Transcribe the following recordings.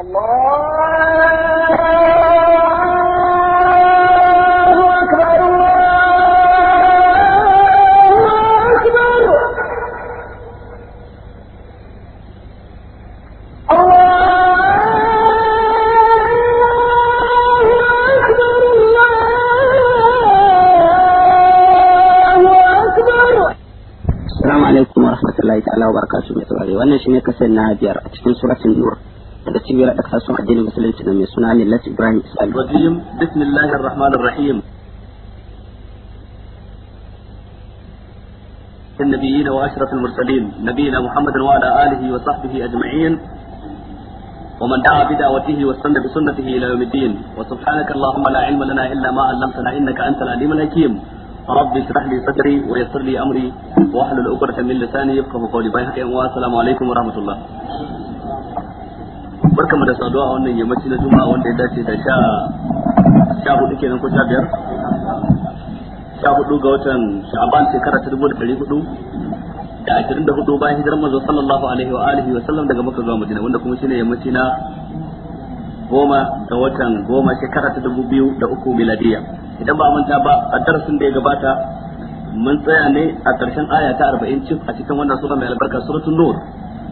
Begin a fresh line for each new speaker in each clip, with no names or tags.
السلام عليكم
ورحمة الله تعالى وبركاته وأنا شنو كسرنا هذه أرى تكون سورة النور الدين إبراهيم إسلام بسم الله الرحمن الرحيم النبيين وأشرف المرسلين نبينا محمد وعلى آله وصحبه أجمعين ومن دعا بدعوته واستنى بسنته إلى يوم الدين وسبحانك اللهم لا علم لنا إلا ما علمتنا إنك أنت العليم الحكيم رب اشرح لي صدري ويسر لي أمري واحلل عقدة من لساني يفقه قولي باي والسلام عليكم ورحمة الله barka mu da saduwa a wannan yammaci na juma'a wanda ya dace da sha sha hudu kenan ko sha biyar sha hudu ga watan sha'aban shekara ta dubu da dari hudu da ashirin da hudu bayan hijirar manzo sallallahu alaihi wa alihi wa sallam daga makka zuwa madina wanda kuma shine yammaci na goma ga watan goma shekara ta dubu biyu da uku miladiya idan ba manta ba a darasin da ya gabata mun tsaya ne a ƙarshen aya ta arba'in cif a cikin wannan sura mai albarka suratun nur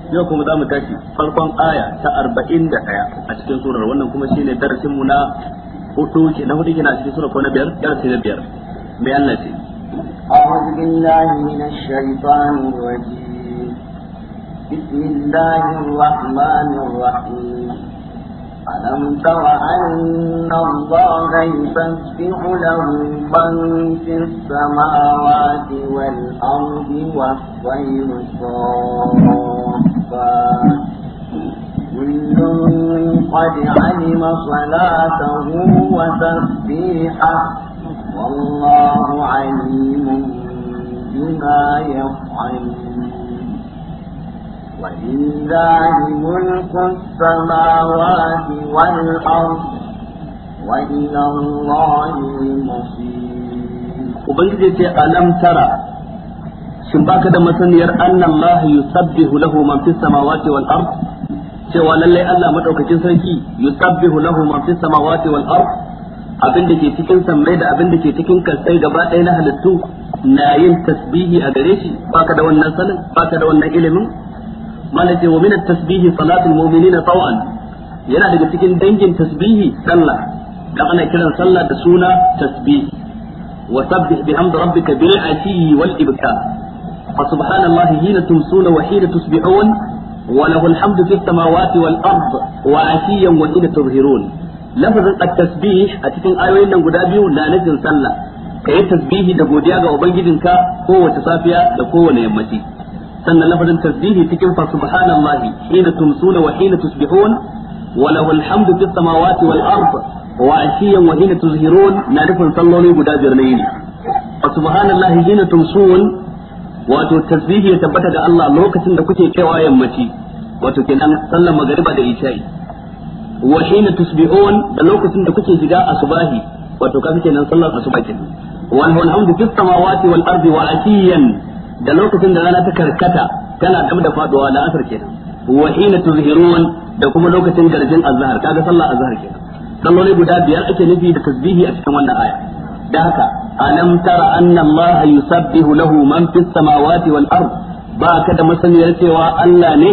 yau kuma za mu tashi farkon aya ta arba'in da ɗaya a cikin surar wannan kuma shine darasin mu na hudu ke na hudu kenan a cikin surar ko na biyar darasi na biyar mai Allah ce
أعوذ بالله من الشيطان الرجيم بسم الله الرحمن الرحيم ألم تر أن الله يسبح له من في السماوات والأرض والطير صافات حقا كل قد علم صلاته وتسبيحه والله عليم بما يفعلون ولله ملك السماوات والأرض وإلى الله المصير وبيجي ألم ترى
shin baka da masaniyar anna Allah yusabbihu lahu man fis samawati wal ard cewa lallai Allah madaukakin sarki yusabbihu lahu man fis samawati wal ard abin da ke cikin sammai da abin da ke cikin kalsai gaba ɗaya na halittu na yin tasbihi a gare shi baka da wannan sanin baka da wannan ilimin malaka wa min at-tasbihi salatul mu'minina taw'an yana daga cikin dangin tasbihi sallah da ana kiran sallah da suna tasbihi wa sabbih bihamdi rabbika bil ashi wal ibkar فسبحان الله حين تمسون وحين تصبحون وله الحمد في السماوات والأرض وعشيا وحين تظهرون لفظ التسبيح أتكين آيوين نقود أبيو لا نجل صلى كي تسبيحي دقوديا وبنجدنك هو تصافيا لقوة يمتي سنة لفظ التسبيح تكين فسبحان الله حين تمسون وحين تصبحون وله الحمد في السماوات والأرض وعشيا وحين تظهرون نعرف صلى الله عليه وسلم فسبحان الله حين تمسون wato tasbihi ya tabbata ga Allah lokacin da kuke kaiwa yammaci wato kenan sallar magariba da isha'i wa hina tusbi'un da lokacin da kuke shiga asubahi wato kafi kenan sallar asuba kenan wal hamdu fis samawati wal ardi wa atiyan da lokacin da rana ta karkata kana dab da faduwa da asar kenan wa hina tuzhirun da kuma lokacin garjin azhar kaga sallar azhar kenan sallolai guda biyar ake nufi da tasbihi a cikin wannan aya da haka alam tara anna allaha yusabbihu lahu man fis samawati wal ard ba ka da masaniyar cewa Allah ne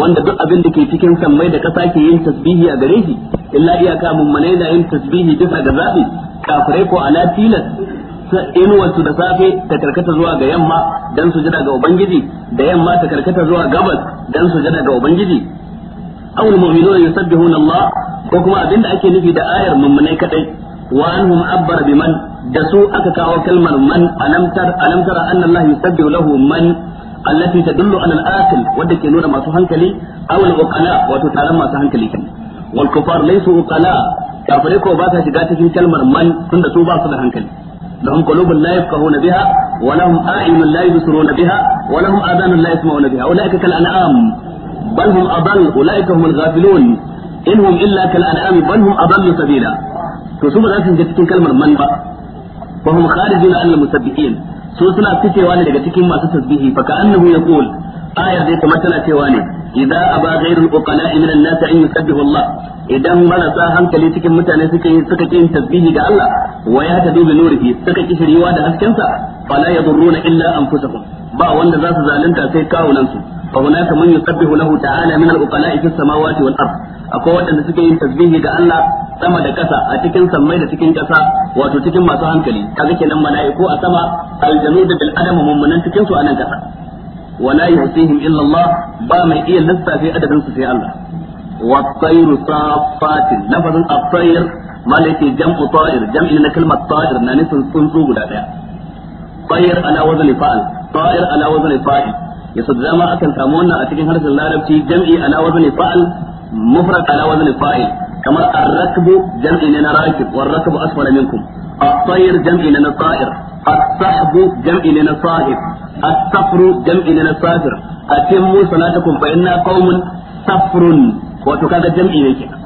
wanda duk abinda ke cikin sammai da kasa ke yin tasbihi a gare shi illa iyaka mummanai na yin tasbihi bisa ga zabi kafirai ko ala tilas inuwarsu da safe ta karkata zuwa ga yamma dan su jira ga ubangiji da yamma ta zuwa gabas dan su jira ga ubangiji aw mu'minuna yusabbihuna Allah ko kuma abinda ake nufi da ayar mummunai kaɗai. wa anhum abbara biman da su aka kawo kalmar man alamtar alamtara anna Allah yusabbihu lahu man allati tadullu ala al-aqil wadda ke nuna masu hankali aw al-uqala wato taron masu hankali kenan wal kufar laysu uqala kafirai ko shiga cikin kalmar man tunda su ba su da لهم قلوب لا يفقهون بها ولهم أعين لا يبصرون بها ولهم آذان لا يسمعون بها أولئك كالأنعام بل هم أضل أولئك هم الغافلون إن إلا كالأنعام بل هم أضل سبيلا to su ba za su shiga cikin kalmar man ba fa hum kharijun an musabbihin su suna fitewa ne daga cikin masu tasbihi fa ka annahu yaqul ayar dai kamar tana cewa ne idza aba ghayrul uqala min an-nas an yusabbihu Allah idan marasa hankali cikin mutane suka yi suka kin tasbihi ga Allah wa ya tadu bi nurihi suka ki shiriwa da haskensa fala yadurruna illa anfusahum ba wanda za su zalunta sai kawunansu su fa hunaka man yusabbihu lahu ta'ala min al-uqala fi as-samawati wal-ard akwai waɗanda suke yin tasbihi ga Allah sama da ƙasa a cikin sammai da cikin ƙasa wato cikin masu hankali kaga kenan mala'iku a sama aljanu da bil adama mummunan cikin su a nan ƙasa wala yuhsihim illa Allah ba mai iya lissafi adadin su sai Allah wa tayru safatin lafazin at-tayr malaki jam'u ta'ir jam'i na kalmar ta'ir na nisan tsuntsu guda daya tayr ala wazni fa'al ta'ir ala wazni fa'il ya da dama akan samu wannan a cikin harshen larabci jam'i ala wazni fa'al mufrad ala wazn fa'il kamar ar-rakbu jam'i na rakib war rakbu asfala minkum at-tayr jam'i na جمع لنا صاحب السفر جمع لنا سافر أتموا صلاتكم فإنا قوم سفر وتكاد جمع لنا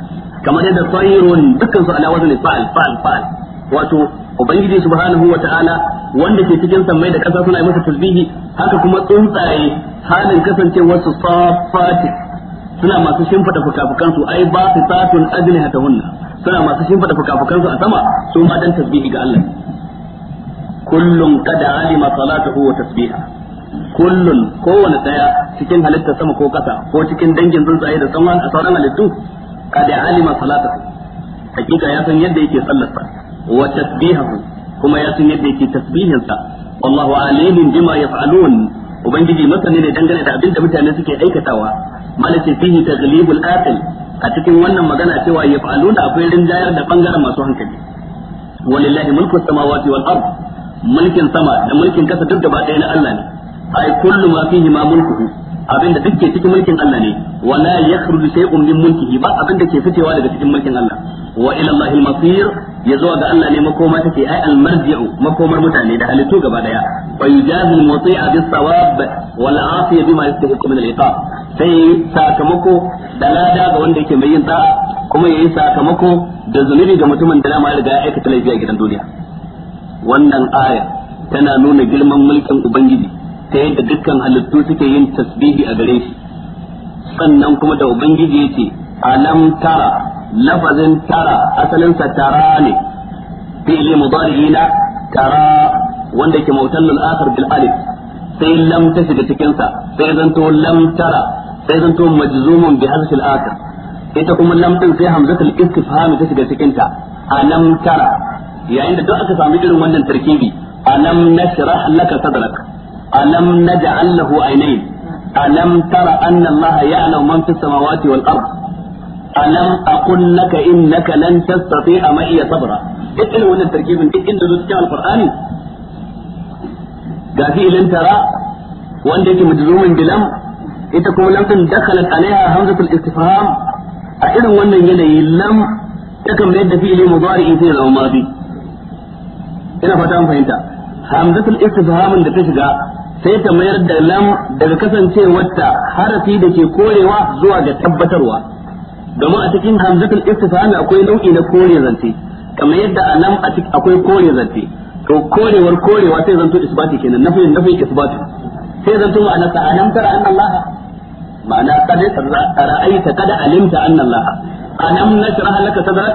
kamar yadda tsayirun dukkan su ala wazni fa'al fa'al fa'al wato ubangiji subhanahu wa ta'ala wanda ke cikin sammai da kasa suna yi masa tasbihi haka kuma tsuntsaye halin kasancewar su safati suna masu shimfata fukafukan su ai ba su tatun hunna suna masu shimfata fukafukan su a sama su ma dan tasbihi ga Allah kullun qad alima salatuhu wa tasbiha kullun kowane daya cikin halitta sama ko kasa ko cikin dangin tsuntsaye da sauran a sauran halittu
qad alima
salatuhu hakika ya san yadda yake sallarsa wa tasbihahu kuma ya san yadda yake tasbihinsa wallahu alimin bima yaf'alun ubangiji masani ne dangane da abin da mutane suke aikatawa malaka fihi taglibul aqil a cikin wannan magana cewa ya fa'alu da akwai rinjayar da bangaren masu hankali walillahi mulku samawati wal ard mulkin sama da mulkin kasa duk ba ɗaya na Allah ne ai kullu ma fihi ma mulkuhu abinda duk ke cikin mulkin Allah ne wala yakhruju shay'un min mulkihi ba abinda ke fitewa daga cikin mulkin Allah wa ila Allahil masir ya zuwa ga Allah ne makoma take ai al marji'u makomar mutane da halittu gaba daya fa yujazi al muti'a bis sawab wal afiya bima yastahiqu min al iqab sai sakamako da lada ga wanda yake mai yin da'a kuma yayi sakamako da zunubi ga mutumin da dama ya riga ya aikata laifi a gidan duniya wannan aya tana nuna girman mulkin ubangiji ta yadda dukkan halittu suke yin tasbihi a gare shi sannan kuma da ubangiji yake alam tara lafazin tara asalinsa tara ne fi'li mudari'i na tara wanda ke mutallal akhir bil alif sai lam ta shiga cikin sa sai zanto lam tara sai zanto majzumun bi hadhihi al akhir ita kuma lam din sai hamzatul istifham ta shiga cikin ta alam tara yayin da duk aka samu irin wannan tarkibi alam nashrah laka sadrak alam naj'al lahu aynayn alam tara anna allaha ya'lamu man fis samawati wal ardh alam aqul laka innaka lan tastati'a ma iya sabra duk irin wannan tarkibin duk inda zo cikin alqur'ani ga fi'ilin tara wanda yake majzumin bilam ita kuma lam tun dakhalat alaiha hamzatul istifham a irin wannan yanayi lam takan mayar da fi'ili mudari'i sai zama madi ina fata an fahimta hamzatul istifhamin da ta shiga sai ta mayar da lam daga kasancewarta harafi da ke korewa zuwa ga tabbatarwa domin a cikin hamzatul istifhami akwai nau'i na kore zance kamar yadda a nan akwai kore zance to korewar korewa sai zanto isbati kenan nafi nafi isbati sai zanto ma'ana sa alam tara anna allaha ma'ana qad ra'aita kada alimta anna allah alam nashraha laka sadrak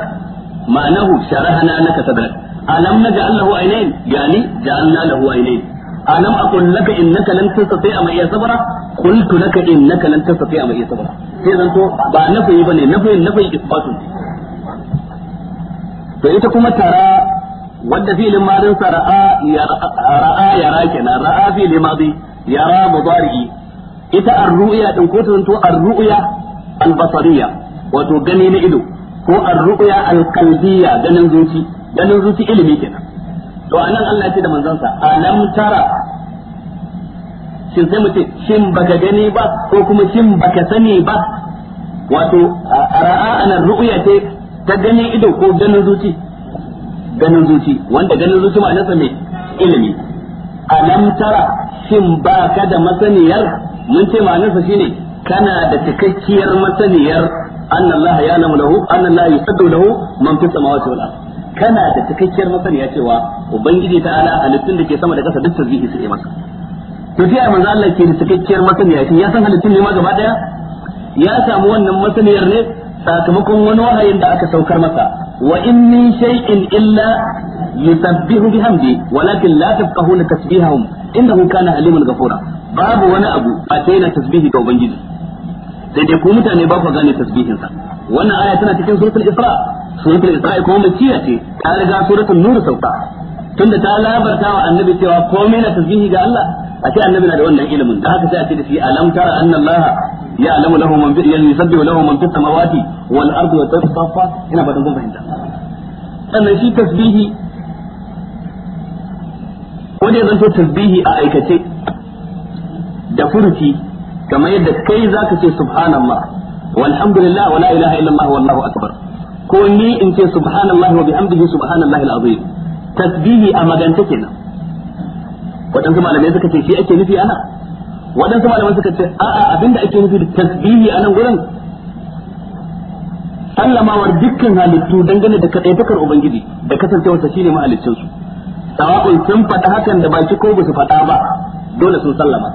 ma'anahu sharahana laka sadrak alam naj'al lahu aynayn yani ja'alna lahu aynayn alam aqul laka innaka lan tastati'a ma iya sabra qultu laka innaka lan tastati'a ma iya sabra sai zan to ba nafi bane nafi nafi isbatun to ita kuma tara wanda filin madin sa ra'a ya ra'a ya ra kenan ra'a filin madi ya ra mudari ita ar-ru'ya din ko to ar-ru'ya al-basariya wato gani na ido ko ar-ru'ya al-qalbiyya ganin zuci ganin zuci ilimi kenan to anan Allah yake ce da manzansa alam tara shin sai mu ce shin baka gani ba ko kuma shin baka sani ba wato ra'a anan ru'ya ce ta gani ido ko ganin zuci ganin zuci wanda ganin zuci nasa mai ilimi alam tara shin baka da masaniyar mun ce ma'anarsa shine kana da cikakkiyar masaniyar annallaha ya lamu lahu annallaha yusaddu lahu man fi samawati wal ardh kana da cikakkiyar masaniya cewa ubangiji ta ala halittun da ke sama da kasa duk tasbihi suke masa to sai manzo Allah ke da cikakkiyar masaniya shi ya san halittun ne ma gaba daya ya samu wannan masaniyar ne sakamakon wani wahayin da aka saukar masa wa in min shay'in illa yusabbihu bihamdi walakin la tafqahuna tasbihahum innahu kana haliman ghafura babu wani abu a daina tasbihi ga ubangiji sai dai ku mutane ba ku gane tasbihinsa wannan aya tana cikin suratul isra suratul isra'i kuma makiya ce ta riga suratul nur sauka tunda ta labarta wa annabi cewa komai na tasbihi ga Allah a ce annabi na da wannan ilimin da haka sai a ce da shi alam tara anna Allah ya'lamu lahu man fi yusabbihu lahu man fis samawati wal ardi wa tasaffa ina ba fatan kun fahimta sannan shi tasbihi ko zan zanto tasbihi a aikace da furuci kamar yadda kai zaka ce subhanallah walhamdulillah wala ilaha illallah wallahu akbar ko ni in ce subhanallahi wa bihamdihi subhanallahi alazim tasbihi a maganta kenan wadansu malamai suka ce shi ake nufi ana wadansu malamai suka ce a'a abinda ake nufi da tasbihi a nan gurin sallamawar dukkan halittu dangane da kadaitakar ubangiji da kasancewar kasancewarsa shine mahaliccin su sawa'un sun faɗa hakan da baki ko su faɗa ba dole sun sallama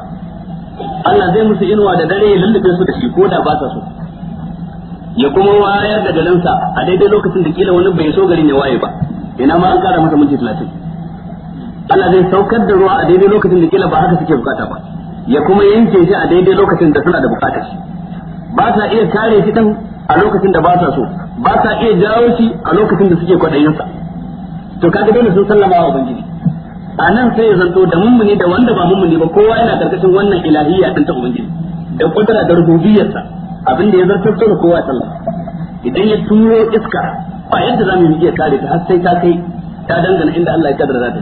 Allah zai musu inuwa da dare ya lullube su da shi ko da ba sa so ya kuma wayar da galansa a daidai lokacin da kila wani bai so garin ya waye ba ina ma an kara masa minti 30 Allah zai saukar da ruwa a daidai lokacin da kila ba haka suke bukata ba ya kuma yanke shi a daidai lokacin da suna da bukata shi ba sa iya kare shi dan a lokacin da ba sa so ba sa iya jawo shi a lokacin da suke kwadayinsa to kaga dole sun sallama wa ubangiji a nan sai ya zanto da mummuni da wanda ba mummuni ba kowa yana karkashin wannan ilahiyya din ta ubangiji da kudura da rububiyarsa abin da ya zartarto da kowa sallah idan ya turo iska ba yadda za mu iya kare ta har sai ta kai ta dangana inda Allah ya kaddara ta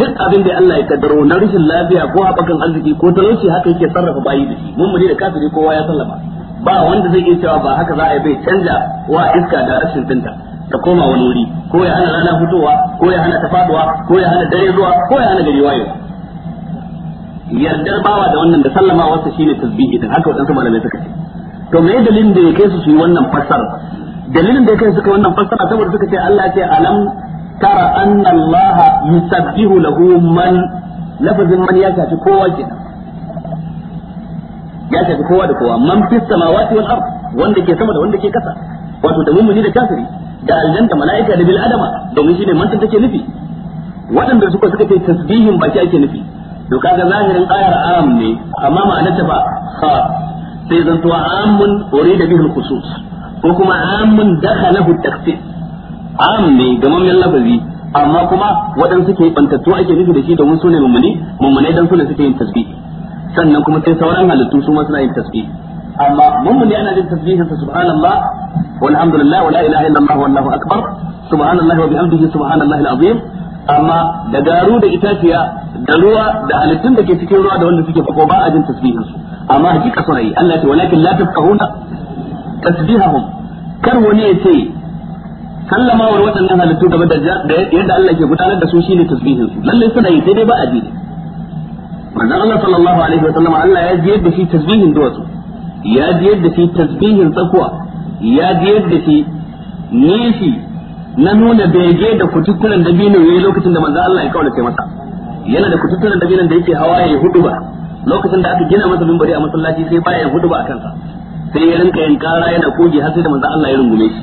duk abin da Allah ya kaddaro na rashin lafiya ko haɓakan arziki ko talauci haka yake sarrafa bayi da shi mun mu da kafiri kowa ya sallama ba wanda zai iya cewa ba haka za a yi bai canja wa iska da rashin tinta ta koma wani wuri ko ya hana rana fitowa ko ya hana ta faduwa ko ya hana dare zuwa ko ya hana gari wayewa yardar bawa da wannan da sallamawa sa shine tasbihi din haka wadansu malamai suka ce to me dalilin da ya su yi wannan fassara dalilin da ya kai su kai wannan fassara saboda suka ce Allah ce alam tara anna Allah yusabbihu lahu man lafazin man ya shafi kowa ke ya shafi kowa da kowa man fis samawati wal ard wanda ke sama da wanda ke kasa wato da mummuni da kafiri da aljan da mala'ika da bil adama domin shine mantan take nufi waɗanda suka suka ce tasbihin baki ake nufi to kaga zahirin ayar am ne amma ma'anarta ba ha sai zan zanto amun da bihi khusus ko kuma amun dakhalahu takhsis am ne gamammen lafazi amma kuma waɗansu ke bantattu ake nufi da shi domin sune mummuni mummunai dan sune suke yin tasbihi sannan kuma sai sauran halittu su ma suna yin tasbihi amma mummuni ana yin tasbihin sa subhanallah walhamdulillah wala ilaha illallah wallahu akbar subhanallah wa bihamdihi subhanallah alazim amma da garu da itaciya da ruwa da halittun da ke cikin ruwa da wanda suke bako ba a jin tasbihin su amma hakika suna yi Allah ce walakin la tafqahuna tasbihahum kar wani ya ce sallamawar waɗannan halittu game da yadda Allah ke gudanar da su shine tasbihin su lalle suna yi sai dai ba a ji manzon Allah sallallahu alaihi wa sallam Allah ya ji yadda shi tasbihin duwatsu ya ji yadda shi tasbihin tsakuwa ya ji yadda shi nishi na nuna bege da kutukulan dabino yayi lokacin da manzon Allah ya kaulace masa yana da kututturen dabinan da yake hawa ya hudu ba lokacin da aka gina masa mimbari a masallaci sai baya hudu ba a kansa sai ya rinka yin kara yana koge har sai da manzo Allah ya rungume shi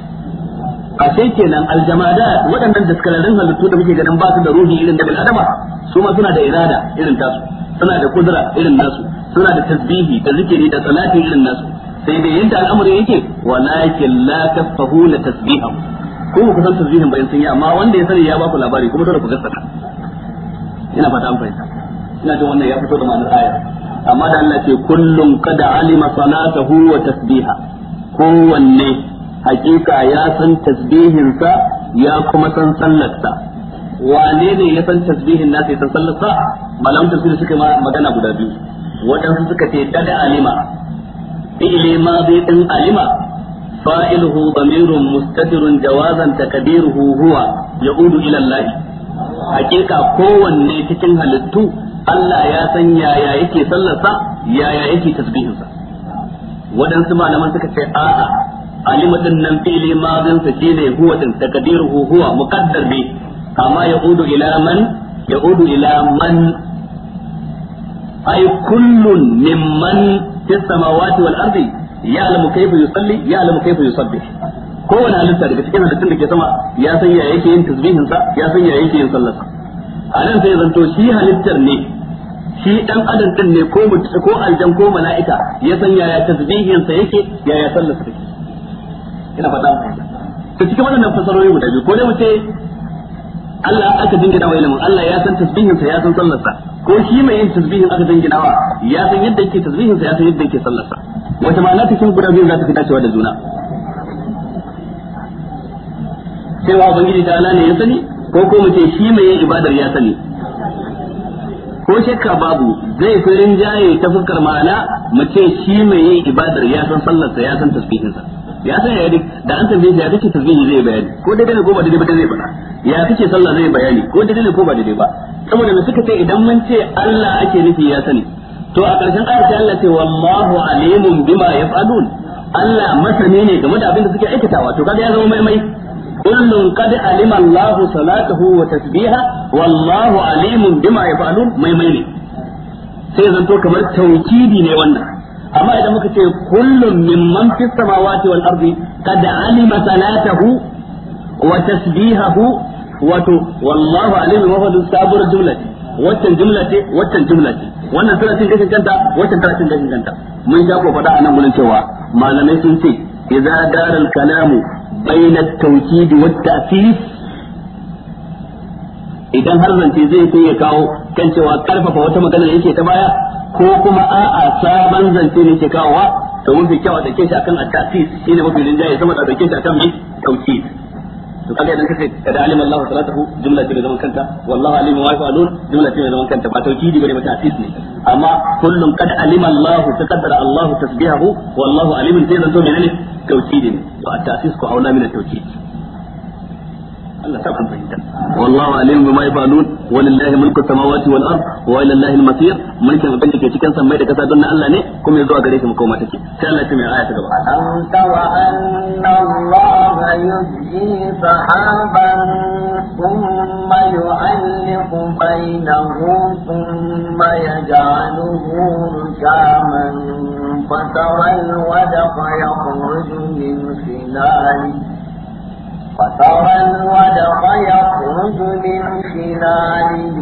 a sai kenan aljamadat waɗannan daskararrun halittu da muke ganin ba su da ruhi irin da bil adama su ma suna da irada irin tasu suna da kudura irin nasu suna da tasbihi da zikiri da salati irin nasu sai dai yadda al'amari yake walakin la la tasbihu ko ku san tasbihin bayan sun yi amma wanda ya sani ya ba ku labari kuma dole ku gaskata ina fata an fahimta ina jin wannan ya fito da ma'anar aya amma da Allah ce kullum kada alima salatahu wa tasbiha kowanne hakika ya san tasbihinsa ya kuma san sallarsa wane ne ya san tasbihin nasa ya san sallarsa malam tafsir suka magana guda biyu Wadansu suka ce dada alima fi'ili madi din alima fa'iluhu damirun mustatirun jawazan takdiruhu huwa ya'udu ila Allah hakika kowanne cikin halittu Allah ya san yaya yake sallarsa yaya yake tasbihinsa waɗansu malaman suka ce a'a alima din nan fili mazin sa shine huwa din takdiruhu huwa muqaddar bi amma yaudu ila man yaudu ila man ay kullun mimman fis samawati wal ardi ya'lamu kayfa yusalli ya'lamu kayfa yusabbih kowane halitta daga cikin halittun da ke sama ya san ya yake yin tasbihin sa ya san ya yake yin sallar sa a nan sai zanto shi halittar ne shi dan adam din ne ko ko aljan ko mala'ika ya san ya tasbihin sa yake ya ya sallar sa yake ina fata to cikin wannan fasarori guda biyu ko dai mu ce Allah aka dingina wa ilimin Allah ya san tasbihin sa ya san sallar sa ko shi mai yin tasbihin aka dingina wa ya san yadda yake tasbihin sa ya san yadda yake sallar sa wata ma'ana cikin guda biyu za ta fi dacewa da juna cewa ubangiji ta Allah ne ya sani ko ko mu ce shi mai yin ibadar ya sani ko shakka babu zai fi rinjaye ta fuskar ma'ana mu ce shi mai yin ibadar ya san sallarsa ya san tasbihinsa ya san ya da an tambaye shi ya kace tasbihi zai bayani ko da ne ko ba da ba zai faɗa ya kace sallah zai bayani ko da ne ko ba da ba saboda me suka ce idan mun ce Allah ake nufi ya sani to a ƙarshen ayar ta Allah ce wallahu alimun bima yaf'alun Allah masani ne game da abin da suke aikatawa to kaga ya zama maimai kullun qad alima Allah salatahu wa tasbiha wallahu alimun bima yaf'alun mai mai ne sai zanto kamar tawkidi ne wannan amma idan muka ce kullun mimman fis samawati wal ardi qad alima salatahu wa tasbihahu wato wallahu alimun wa huwa sabur jumla wannan jumla ce wannan jumla ce wannan tana cin gashin kanta wannan tana cin gashin kanta mun sha ko faɗa anan gurin cewa malamai sun ce idza daral kalamu بين التوكيد والتأسيس idan har zance zai so ya kawo kan cewa karfafa wata magana da yake ta baya ko kuma a'a sabon zance ne ke kawowa to mun fi kyawa da ke shi akan at-tasis shine mafi rinjaye sama da ke shi akan mai tauhid to kaga idan kace kada alim Allah salatahu jumla ce da zaman kanta wallahu alim wa yafalun jumla ce da zaman kanta ba tauki tauhidi bane ba ta'sis ne amma kullum kad alim Allah taqaddara Allah tasbihahu wallahu alimun sai zanto menene توكيد والتأسيس أولى من التوكيد الله سبحانه فهمت والله عليم بما يفعلون ولله ملك السماوات والارض والى الله المصير ملك abin da ke cikin sammai da kasa don Allah ne kuma ya zuwa gare shi makoma take sai Allah ya mai
aya ta gaba an tawa anna Allah yuzji sahaban فترى الودق يخرج من خلاله فترى الودق يخرج من خلاله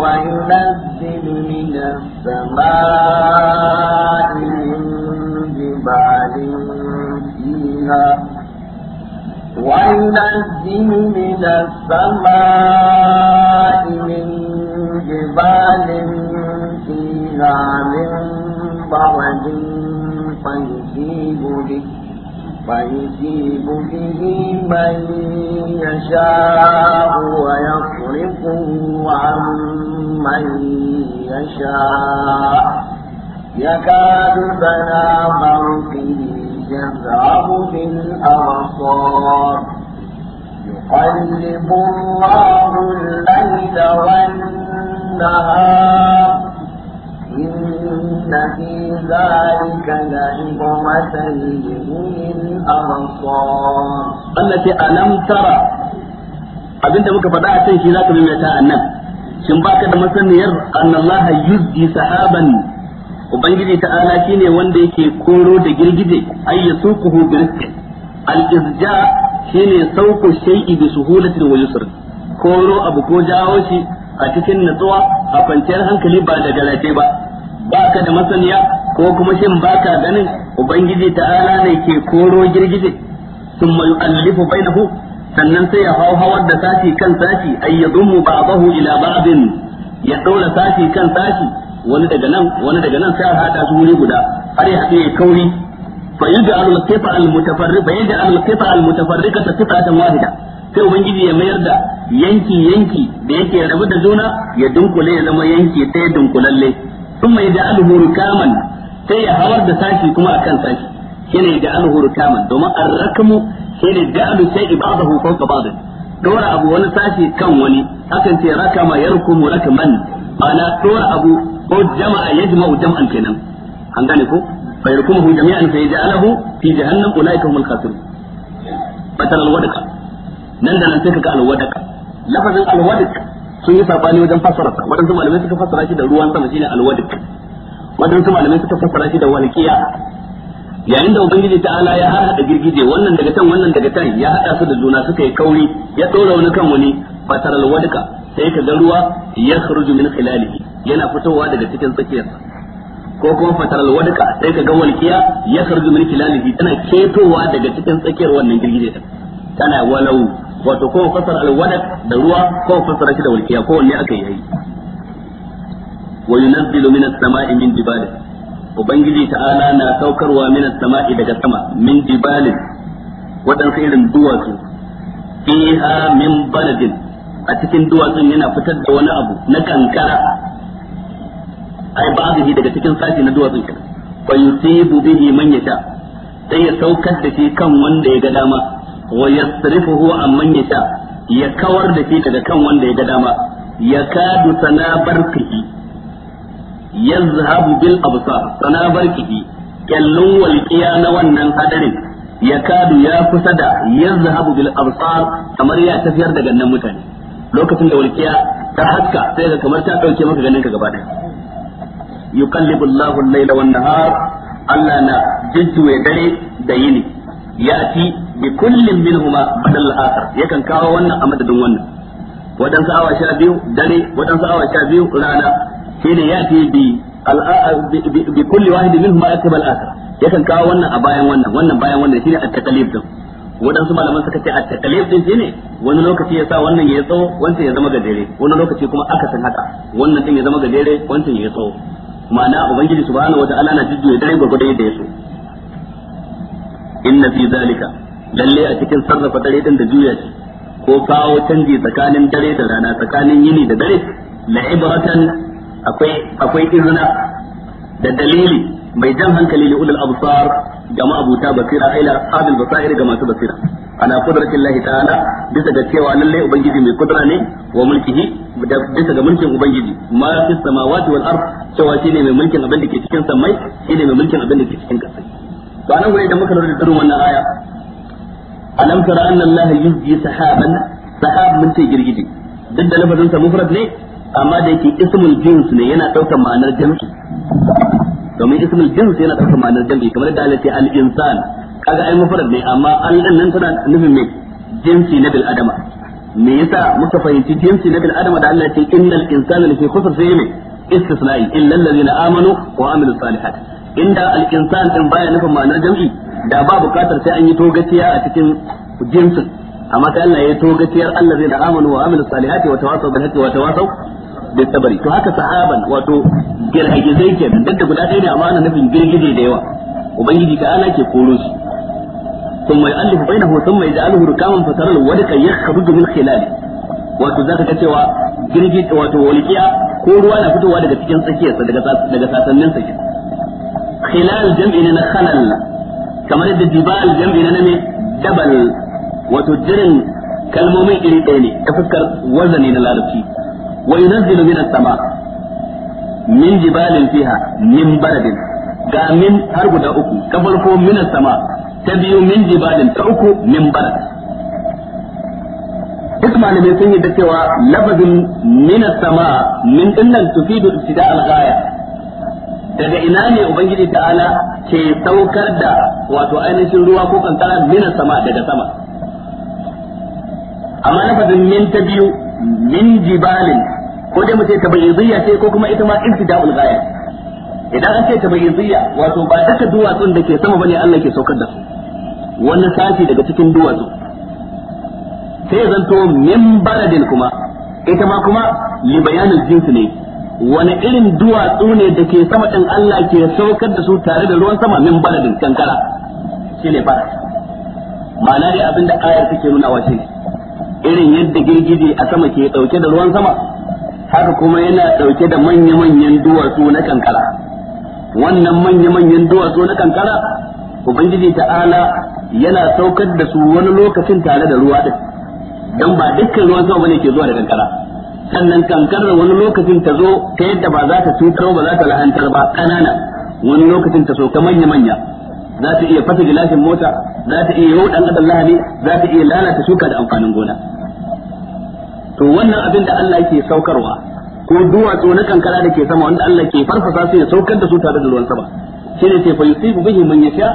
وينزل من السماء من جبال فيها وينزل من السماء من جبال فيها من برد فيجيب به به من يشاء ويصرفه عن من يشاء يكاد بنا برقه يذهب بالأبصار يقلب الله الليل والنهار إن في ذلك لعبرة لأولي الأبصار
التي ألم
ترى abinda muka faɗa a
can shi ka maimaita a nan shin baka da masaniyar annallaha yuzdi sahaban ubangiji ta'ala shine wanda yake koro da girgije ay yasuquhu bi rizqi al izja shine sauko shay'i bi suhulatin wa yusr koro abu ko jawo shi a cikin natsuwa a kwanciyar hankali ba da galate ba baka da masaniya ko kuma shin baka ganin ubangiji ta'ala ne ke koro girgije Sun thumma yu'allifu bainahu sannan sai ya hau hawar da sashi kan sashi ay yadummu ba'dahu ila ba'din ya daula sashi kan sashi wani daga nan wani daga nan sai a hada su wuri guda har ya haɗe ya kauri fa yaj'alu al-qifa al mutafarriq fa yaj'alu al-qifa al-mutafarriqa qita'atan wahida sai ubangiji ya mayar da yanki yanki da yake rabu da juna ya dunkule ya zama yanki ɗaya dunkulalle thumma yaj'aluhu rukaman sai ya hawar da sashi kuma akan sashi shine yaj'aluhu rukaman domin ar-rakmu shine ja'alu shay'i ba'dahu fawqa ba'd dora abu wani sashi kan wani akan ce rakama yarkumu rakman ana dora abu ko jama'a yajma'u jam'an kenan an gane ko fa yarkumuhu jami'an fa yaj'aluhu fi jahannam ulaika humul khasirun fatal nan da nan sai sun yi sabani wajen fassara ta wadansu malamai suka fassara shi da ruwan sama shine alwadik wadansu malamai suka fassara shi da walqiya yayin da ubangiji ta'ala ya hada girgije wannan daga can wannan daga can ya hada su da juna suka yi kauri ya dora wani kan wani fatar alwadika sai ka ga ruwa ya kharuju min khilalihi yana fitowa daga cikin tsakiyarsa ko kuma fatar alwadika sai ka ga walqiya ya kharuju min khilalihi tana ketowa daga cikin tsakiyar wannan girgije tana walau wato ko fasar alwadak da ruwa ko fasara shi da walkiya ko wanne aka yi wa yunzilu minas sama'i min jibalin ubangiji ta'ala na saukarwa minas sama'i daga sama min jibalin wadansu irin duwatsu fiha min baladin a cikin duwatsun yana fitar da wani abu na kankara ai ba ba'dhi daga cikin sashi na duwatsun kenan fa yusibu bihi man yasha sai ya saukar da shi kan wanda ya ga dama wa yasrifuhu amman yasha ya kawar da shi daga kan wanda ya ga dama ya kadu sana barkihi yazhabu bil absar sana barkihi kallon walqiya na wannan hadarin ya kadu ya kusa da yazhabu bil absar kamar ya tafiyar daga nan mutane lokacin da walqiya ta haska sai ga kamar ta dauke maka ganin ka gaba daya yuqallibu Allahu al-layla wan nahar Allah na jujjuya dare da yini yati bi kullin minhuma badal akhar yakan kawo wannan a madadin wannan wadansu awa sha biyu dare wadansu awa sha biyu rana shine yati bi bi kulli wahid minhuma akaba al akhar yakan kawo wannan a bayan wannan wannan bayan wannan shine at-taqlib din wadansu malaman suka ce at-taqlib din shine wani lokaci ya sa wannan ya tsawo wancan ya zama gadere wani lokaci kuma aka san haka wannan din ya zama gadere wancan ya tsawo ma'ana ubangiji subhanahu wataala na jujjuya dare gurgurdan da yaso inna fi zalika lalle a cikin sarrafa dare din da juya shi ko kawo canji tsakanin dare da rana tsakanin yini da dare la ibratan akwai akwai izina da dalili mai jan hankali li ulul absar ga ma'abuta basira aila abil basair ga masu basira ana qudratin Allah ta'ala bisa ga cewa lalle ubangiji mai kudura ne wa mulkihi bisa ga mulkin ubangiji ma fi samawati wal ard cewa shine mai mulkin abin da ke cikin samai shine mai mulkin abin da ke cikin ƙasa Ba anan gure da muka lura da irin wannan aya alam tara anna allaha yuzji sahaban sahab mun ce girgije duk da lafazin sa mufrad ne amma da yake ismul jins ne yana daukar ma'anar jam'i domin ismul jins yana daukar ma'anar jam'i kamar da Allah ce al insan kaga ai mufrad ne amma al nan tana nufin me jinsi na bil adama me yasa muka fahimci jinsi na bil adama da Allah ce innal insana lafi khusr sai me istisna'i illa allazina amanu wa amilus salihat inda al insan din baya nufin ma'anar jam'i da ba bukatar sai an yi togaciya a cikin jinsin amma sai Allah ya yi togaciyar Allah zai da amanu wa amilu salihati wa tawasau bil haqqi wa tawasau bil sabri to haka sahaban wato zai kenan duk da guda ɗaya ne amma ana nufin girgije da yawa ubangiji ta ala ke koro su ثم يؤلف بينه ثم يجعله ركاما فترى الودك يخرج min خلاله wato zaka ga cewa girgi wato walkiya ko ruwa na fitowa daga cikin tsakiyarsa daga daga sasannin sa khilal jam'i na khalal kamar yadda jibal jam'i na ne dabal wato jirin kalmomin iri ɗaya ne ta fuskar wazani na larabci wa yunazzilu min as-sama min jibalin fiha min baradin ga min har guda uku ta farko min as-sama ta biyu min jibalin ta uku min barad duk malamai sun yi da cewa lafazin min as-sama min dinnan tufidu ibtida al-ghaya daga ina ne ubangiji ta'ala ke saukar da wato ainihin ruwa ko kankara mina sama daga sama amma fadin min ta biyu min jibalin ko dai mace tabayyiziyya ce ko kuma ita ma ibtida'ul ghaya idan an ce ta ziyya, wato ba duka duwatsun da ke sama bane Allah ke saukar da su wannan sashi daga cikin duwatsu sai zanto min baradin kuma ita ma kuma li bayanin jinsi ne wani irin duwatsu ne da ke sama ɗin Allah ke saukar da su tare da ruwan sama min baladin kankara ne ba ma'ana dai abinda ayar take nuna wa irin yadda girgije a sama ke ɗauke da ruwan sama haka kuma yana ɗauke da manya-manyan duwatsu na kankara wannan manya-manyan duwatsu na kankara ubangiji ta'ala yana saukar da su wani lokacin tare da ruwa ɗin don ba dukkan ruwan sama bane ke zuwa da kankara sannan kankarar wani lokacin ta zo ta yadda ba za ta cutar ba za ta lahantar ba kanana wani lokacin ta so ta manya manya za ta iya fasa gilashin mota
za ta iya yau dan
adam lahani za ta iya lalata shuka da amfanin gona to wannan abin da Allah yake saukarwa ko duwatsu na kankara da ke sama wanda Allah ke farfasa su ya saukar da su tare da ruwan sama shine ce fa yusibu bihi man yasha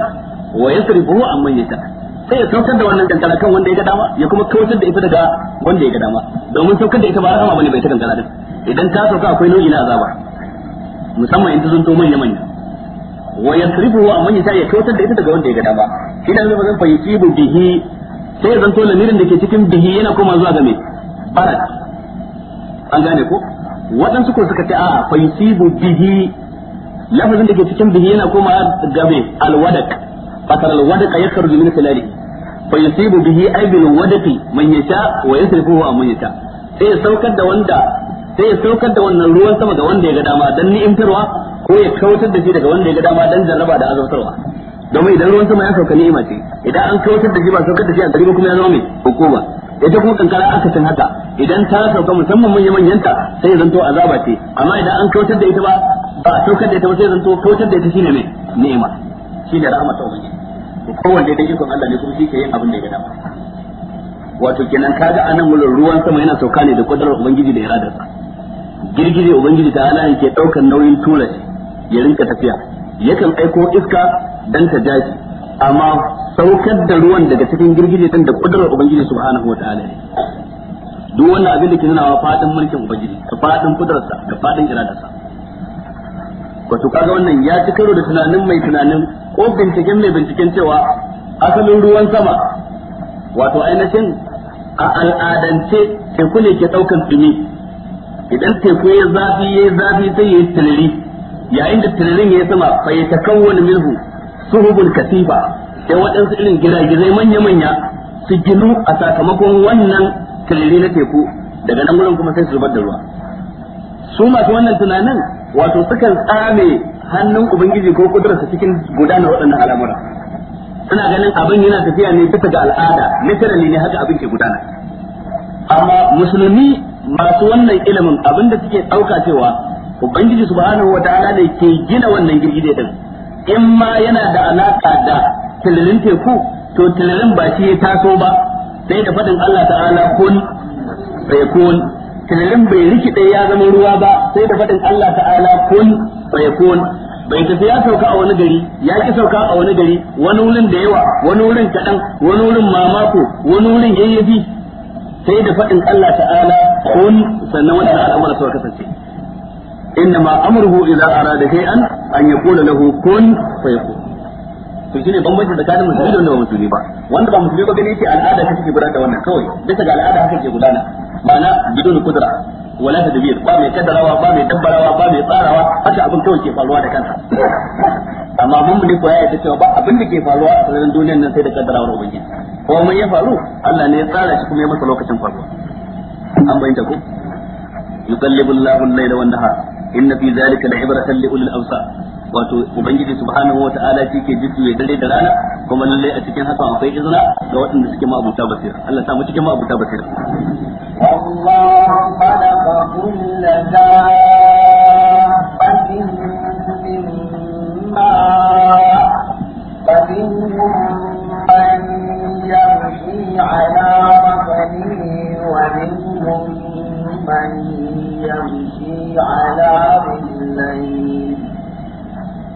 wa an amman yasha sai ya saukar da wannan kankara kan wanda ya ga dama ya kuma kautar da ita daga wanda ya ga dama domin saukar da ita ba rahama bane bai ta kankara din idan ta sauka akwai nau'i na azaba musamman in ta zunto manya manya wa yasrifu wa man yasa ya kautar da ita daga wanda ya ga dama shi da zama zan fayyaci bu bihi sai ya zanto lamirin da ke cikin bihi yana koma zuwa ga me barat an gane ko waɗansu ko suka ce a fayyaci bu bihi lafazin da ke cikin bihi yana koma ga me alwadak fatar alwadak ya karbi min khilali fa bihi aibil wadati man yasha wa yasrifuhu an man yasha sai ya saukar da wanda sai ya saukar da wannan ruwan sama ga wanda ya ga dama dan ni'imtarwa ko ya kautar da shi daga wanda ya ga dama dan jarraba da azabtarwa domin idan ruwan sama ya sauka ni'ima ce idan an kautar da shi ba saukar da shi a gari kuma ya zama mai hukuma ita kuma kankara aka san haka idan ta sauka musamman manya manyanta sai ya zanto azaba ce amma idan an kautar da ita ba ba saukar da ita ba sai ya zanto kautar da ita shine mai ni'ima shine rahmatullahi kowanne da ikon Allah ne kuma shi ke yin abin da ya dama wato kenan kaga anan mulan ruwan sama yana sauka ne da kudurar ubangiji da iradarsa girgije ubangiji ta ala yake daukar nauyin tura shi ya rinka tafiya yakan aiko iska dan ta jaji amma saukar da ruwan daga cikin girgije din da kudurar ubangiji subhanahu wataala ne duk wanda abin da ke nuna wa fadin mulkin ubangiji da fadin kudurarsa da fadin iradarsa wato kaga wannan ya ci karo da tunanin mai tunanin ko binciken mai binciken cewa asalin ruwan sama wato ainihin a al'adance teku ne ke ɗaukan tsumi idan teku ya zafi ya zafi sai ya yi tunari yayin da tunarin ya sama fa ya takawwani minhu suhubul katifa sai waɗansu irin giragizai manya-manya su ginu a sakamakon wannan tunari na teku daga nan wurin kuma sai su zubar da ruwa su masu wannan tunanin wato sukan tsame hannun ubangiji ko kudurarsa cikin gudanar waɗannan al'amura suna ganin abin yana tafiya ne bisa ga al'ada literally ne haka abin ke gudana amma musulmi masu wannan ilimin abin da suke ɗauka cewa ubangiji subhanahu wa ne ke gina wannan girgide din in ma yana da alaka da tilirin teku to tilirin ba shi ya taso ba sai da faɗin Allah ta'ala kun sai tunanin bai rikide ya zama ruwa ba sai da faɗin Allah ta'ala kun kun bai tafi ya sauka a wani gari ya ki sauka a wani gari wani wurin da yawa wani wurin kaɗan wani wurin mamako wani wurin yayyafi sai da faɗin Allah ta'ala kun sannan wannan al'amura suka kasance إنما أمره an ya شيئا أن يقول له kun فيكون to shine da tsakanin musulmi da wanda ba musulmi ba wanda ba musulmi ba gani yake al'ada ta take gudana da wannan kawai bisa ga al'ada haka ke gudana ma'ana bidon kudura wala tadbir ba mai kaddarawa ba mai dabbarawa ba mai tsarawa haka abin kawai ke faruwa da kansa amma mun ne koya ya cewa ba abin da ke faruwa a sararin duniyar nan sai da kaddarawar ubangiji ko mun ya faru Allah ne ya tsara shi kuma ya masa lokacin faruwa an bayyana ku yuqallibullahu al-layla wan-nahar inna fi dhalika la'ibratan li ulil absar wato ubangiji subhanahu wa ta'ala shi ke jujjuye dare da rana kuma lalle a cikin haka akwai izina ga waɗanda suke ma'abuta basira Allah samu cikin ma'abuta basira
Allah ma' ومنهم من يمشي على رجلين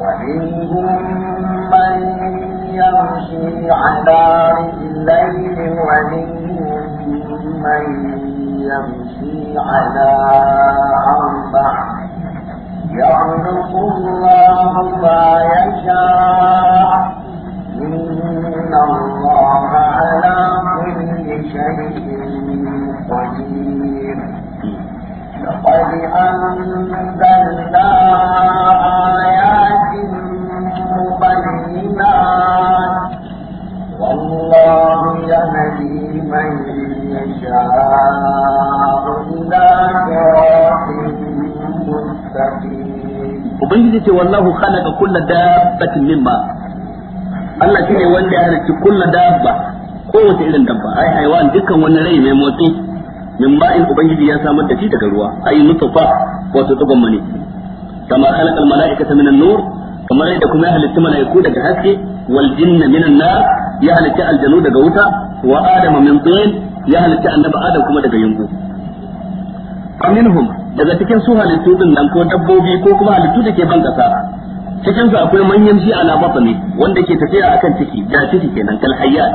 ومنهم من يمشي على الليل ومنهم من يمشي على أربع
يخلق
الله ما يشاء إن الله على كل شيء قدير لقد أنزلنا آيات والله يهدي من يشاء إلى صراط مستقيم
Ubangiji ce wallahu khalaqa kulla dabbatin mimma Allah shine wanda ya halicci kulla dabba kowace irin dabba ai haiwan dukkan wani rai mai motsi min in ubangiji ya samar da shi daga ruwa ai nutfa wato tsugon mani kama khalaqa al-mala'ikata minan nur kamar yadda kuma ya halitta malaiku daga haske wal jinna minan nar ya halitta aljanu daga wuta wa adama min tin ya halitta annabi adam kuma daga yungu aminhum daga cikin su halittu din nan ko dabbobi ko kuma halittu da ke ban kasa cikin su akwai manyan shi ala batni wanda ke tafiya akan ciki da ciki kenan kal hayyat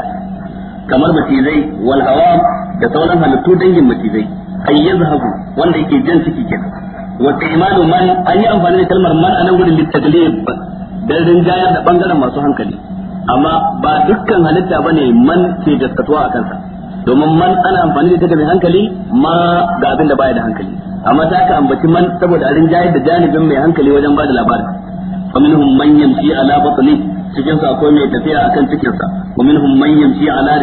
kamar macizai wal hawam da sauran halittu dangin macizai ay yazhabu wanda yake jan ciki kenan wa من man an yi amfani da kalmar man anan gurin litaglib dan rinjayar da bangaren masu hankali amma ba dukkan halitta في man ke a kansa domin man ana amfani da ta mai hankali ma ga abin da baya da hankali amma ta ka ambaci man saboda a rinjayar da janibin mai hankali wajen bada labarin faminhum man yamshi ala batni cikin su akwai mai tafiya akan cikin sa wa man yamshi ala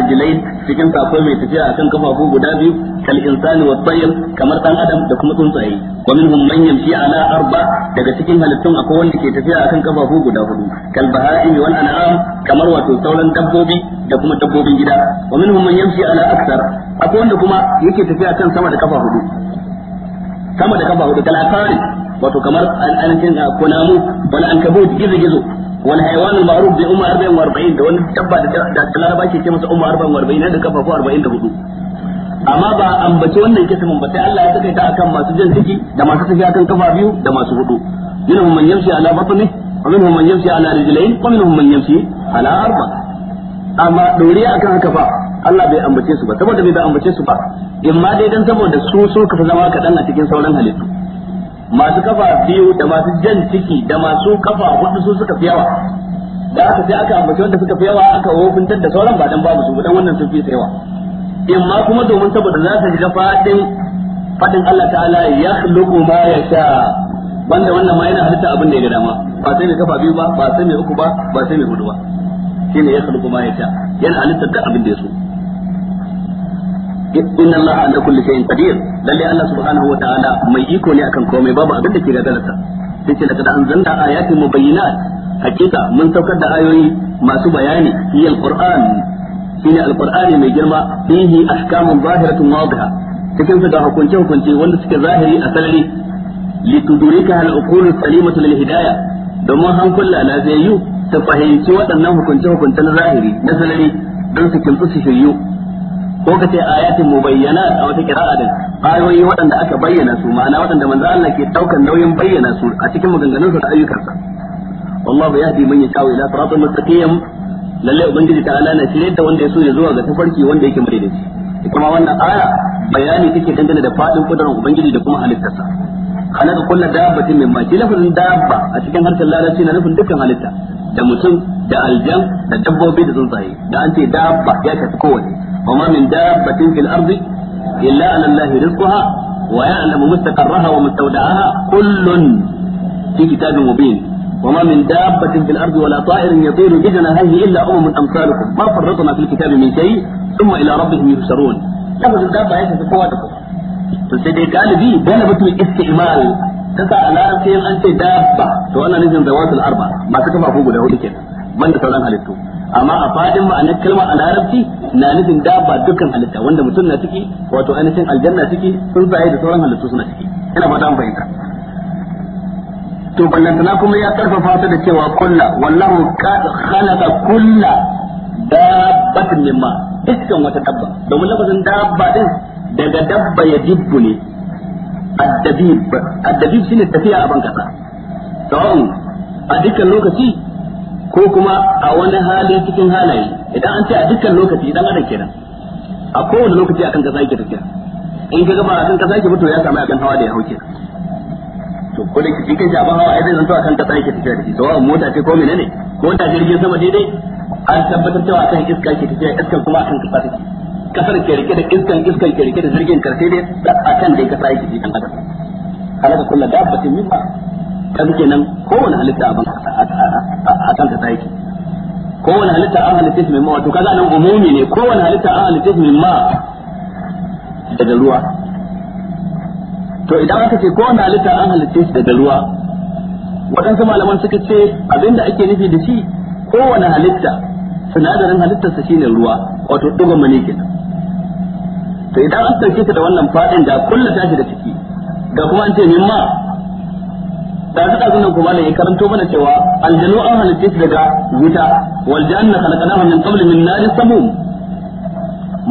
cikin sa akwai mai tafiya akan kafafu guda biyu kal insani wa tayr kamar dan adam da kuma tsuntsaye wa minhum man yamshi ala arba daga cikin halittun akwai wanda ke tafiya akan kafafu guda hudu kal baha'im wal an'am kamar wato sauran dabbobi da kuma dabbobin gida wa minhum man yamshi ala akthar akwai wanda kuma yake tafiya kan sama da kafa hudu sama da kafa hudu kal akari wato kamar an an cin kunamu wal ankabut gizo gizo Wani haywan al ma'ruf bi umma 44 da wani dabba da da laraba ke ce masa umma arba'in ne da kafafu arba'in da hudu. amma ba ambaci wannan kisimin ba sai Allah ya saka ta akan masu jan ciki da masu tafiya kan kafa biyu da masu hudu minhum man yamshi ala batni wa minhum man yamshi ala rijlayn wa minhum man yamshi ala arba amma doriya akan haka fa Allah bai ambace su ba saboda bai ambace su ba in ma dai dan saboda su su ka zama kadan a cikin sauran halittu masu kafa biyu da masu jan ciki da masu kafa hudu su suka fi yawa da aka sai aka ambaci wanda suka fi yawa aka wofintar da sauran ba dan babu su dan wannan sun fi sa yawa in ma kuma domin saboda za ta shiga fadin fadin Allah ta'ala ya khluqu ma yasha banda wannan ma yana halitta abin da ya ga dama ba sai mai kafa biyu ba ba sai mai uku ba ba sai mai hudu ba shine ya khluqu ma yasha yana halitta duk abin da ya so inna allaha ala kulli shay'in qadir lalle allah subhanahu wa ta'ala mai iko ne akan komai babu abin da ke gagararsa sai ce daga anzalna ayatin mubayyinat hakika mun saukar da ayoyi masu bayani fi alquran shine alqur'ani mai girma fihi ahkamun zahiratun wadiha cikin su ga hukunce hukunce wanda suke zahiri a sarari litudurika al-uqul salimatu lil hidayah domin hankula yi ta fahimci waɗannan hukunce hukuncen zahiri na sarari don su kimtsu su shiryu ko kace ayatin mubayyana a wata kira'a din ayoyi waɗanda aka bayyana su ma'ana waɗanda manzo Allah ke daukan nauyin bayyana su a cikin maganganunsa da ayyukansa wallahu yahdi man yashaa ila siratal mustaqim lalle ubangiji ta'ala na shirye da wanda ya so ya zuwa ga tafarki wanda yake madaidaici kuma wannan aya bayani take dangane da fadin kudurin ubangiji da kuma halittarsa Kana ka kulla dabbatin min ma lafin dabba a cikin harshen larabci na nufin dukkan halitta da mutum da aljan da dabbobi da tsuntsaye da an ce dabba ya tafi kowanne وما من دابة في الأرض إلا على الله رزقها ويعلم مستقرها ومستودعها كل في كتاب مبين وما من دابة في الأرض ولا طائر يطير بجناحيه إلا أمم أمثالكم ما فرطنا في الكتاب من شيء ثم إلى ربهم يحشرون لفظ الدابة هي في قواتكم فالسيدي قال بي istimal ta sa تسعى larabci أنت دابة dabba to ذوات الأربعة ما arba masu kafafu كده hudu kenan banda sauran halittu amma a fadin ma'anar kalmar a larabci na nufin dabba dukkan halitta wanda mutum na ciki wato ainihin aljanna ciki tsuntsaye da sauran halittu suna ciki ina fata an fahimta to ballantana kuma ya karfafa ta da cewa kulla wallahu khalaqa kulla dabbatin mimma dukkan wata dabba domin lafazin dabba din daga dabba ya dibbu ne addabib addabib shine tafiya a ban kasa to a dukkan lokaci ko kuma a wani hali cikin halaye idan an ce a dukkan lokaci idan ana kenan a kowane lokaci akan kaza yake tafiya in ka gama akan kaza yake fito ya samu akan hawa da ya hauke to ko da kike kai abin hawa ai zai zanto akan kaza yake tafiya da shi to mota ce ko menene ko da jirgin sama daidai an tabbatar cewa akan iska ke tafiya iskan kuma akan kasa take kasar ke rike da iskan iskan ke rike da jirgin karshe dai akan dai kasa yake ji dan adam halaka kullu dabbatin mimma kaga kenan kowane halitta a kan ta yake kowane halitta an halitta shi mimma wato kaza nan umumi ne kowane halitta an halitta shi mimma daga ruwa to idan aka ce kowane halitta an halitta su daga ruwa waɗansu malaman suka ce abinda ake nufi da shi kowane halitta sinadarin halittarsa shine ruwa wato ɗigon mani kenan to idan an ɗauke ta da wannan faɗin da kullu tashi da ciki da kuma an ce mimma da zuka zunan kuma ne karanto mana cewa aljanu an halitta su daga wuta wal janna khalaqnaha min qabl min nar samum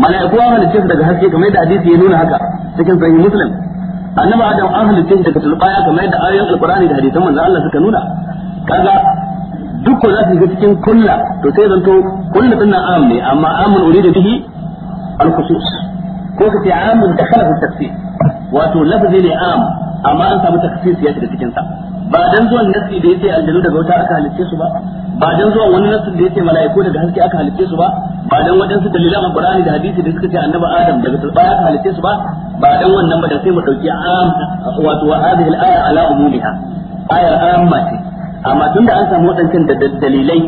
malaiku an halitta daga haske kamar da hadisi ya nuna haka cikin sahih muslim annabi adam an halitta shi daga turbaya kamar yadda ayoyin alqur'ani da hadisan manzon Allah suka nuna kaga duk za su ga cikin kulla to sai zanto kulla din nan am ne amma amun urida bihi al-khusus ko ka ce amun dakhala fi tafsir wato lafzi ne am amma an samu taksis ya shiga cikin sa ba dan zuwan nasi da yake aljanu daga wuta aka halice su ba ba dan zuwan wani nasi da yake mala'iku daga haske aka halice su ba ba dan wadansu dalilan alqur'ani da hadisi da suka ce annabi adam daga turba aka halice su ba ba dan wannan ba da sai mu dauki wato wa hadhihi al-aya ala umumiha aya amma ce amma tunda an samu wadancan da dalilai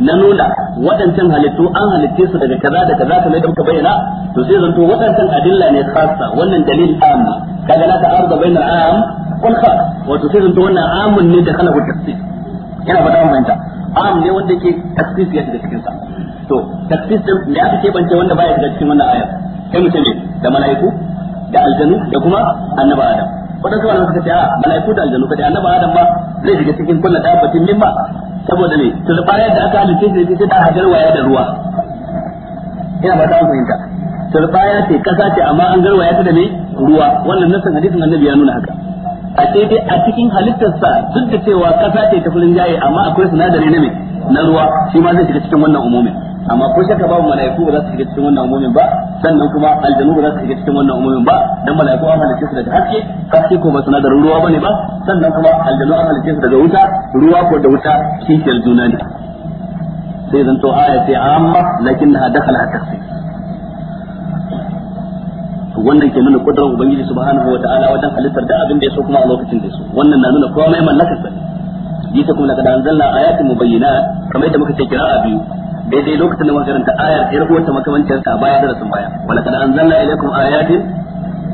na nuna wadancan halittu an halitte su daga kaza da kaza kamar da muka bayyana to sai zanto wadancan adilla ne khassa wannan dalil amma kaga na arda bainal am wal wato sai zanto wannan amun ne da kalahu tafsir yana fata mun fahimta am ne wanda yake tafsir ya shiga cikin sa to tafsir din da aka kebance wanda baya shiga cikin wannan ayar kai mu ne da mala'iku da aljanu da kuma annabi adam wadansu wannan suka ce a mala'iku da aljanu kada annabi adam ba zai shiga cikin kullu min ba saboda ne to da bayan da aka halice shi sai da hajar waya da ruwa ina ba ta fahimta turbaya ce kasa ce amma an garwaya ta da ne ruwa wannan nasan hadisin annabi ya nuna haka a sai a cikin halittarsa duk da cewa kasa ce ta kullun jaye amma akwai sinadari na na ruwa shi ma zai shiga cikin wannan umumin amma ko shaka babu malaiku ba za su shiga cikin wannan umumin ba sannan kuma aljanu ba za su shiga cikin wannan umumin ba dan malaiku an halice su daga haske haske ko ba sinadarin ruwa bane ba sannan kuma aljanu an halice su daga wuta ruwa ko da wuta kishiyar juna ne sai zan zanto aya sai amma lakinnaha dakhala at-tafsir to wannan ke nuna kudrar ubangiji subhanahu ta'ala wajen halittar da abin da ya so kuma a lokacin da su wannan na nuna komai mallakar sa yita kuma laqad anzalna ayatin mubayyinat kamar yadda muka ce kira'a biyu daidai lokacin da muka karanta ayar sai rahoto makamancin ta baya da rasul baya wa laqad anzalna ilaykum ayatin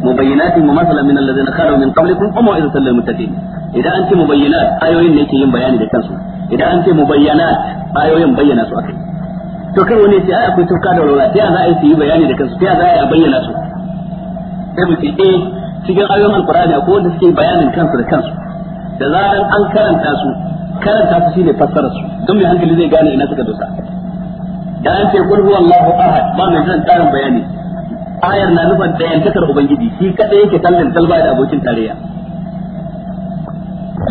mubayyinatin wa masalan min alladhina khalu min qablikum wa mau'izatan lil muttaqin idan an ce mubayyinat ayoyin ne yake yin bayani da kansu idan an ce mubayyanat ayoyin bayyana su akai to kai wani sai ai akwai tauka da rawa sai za a yi bayani da kansu sai za a bayyana su sai mu ce eh cikin ayoyin alqur'ani akwai wanda suke bayanin kansu da kansu da zaran an karanta su karanta su shine fassara su don mai hankali zai gane ina suka dosa da an ce qul huwallahu ahad ba mai zan tsarin bayani ayar na nufin dayantakar ubangiji shi kadai yake tallin talba da abokin tarayya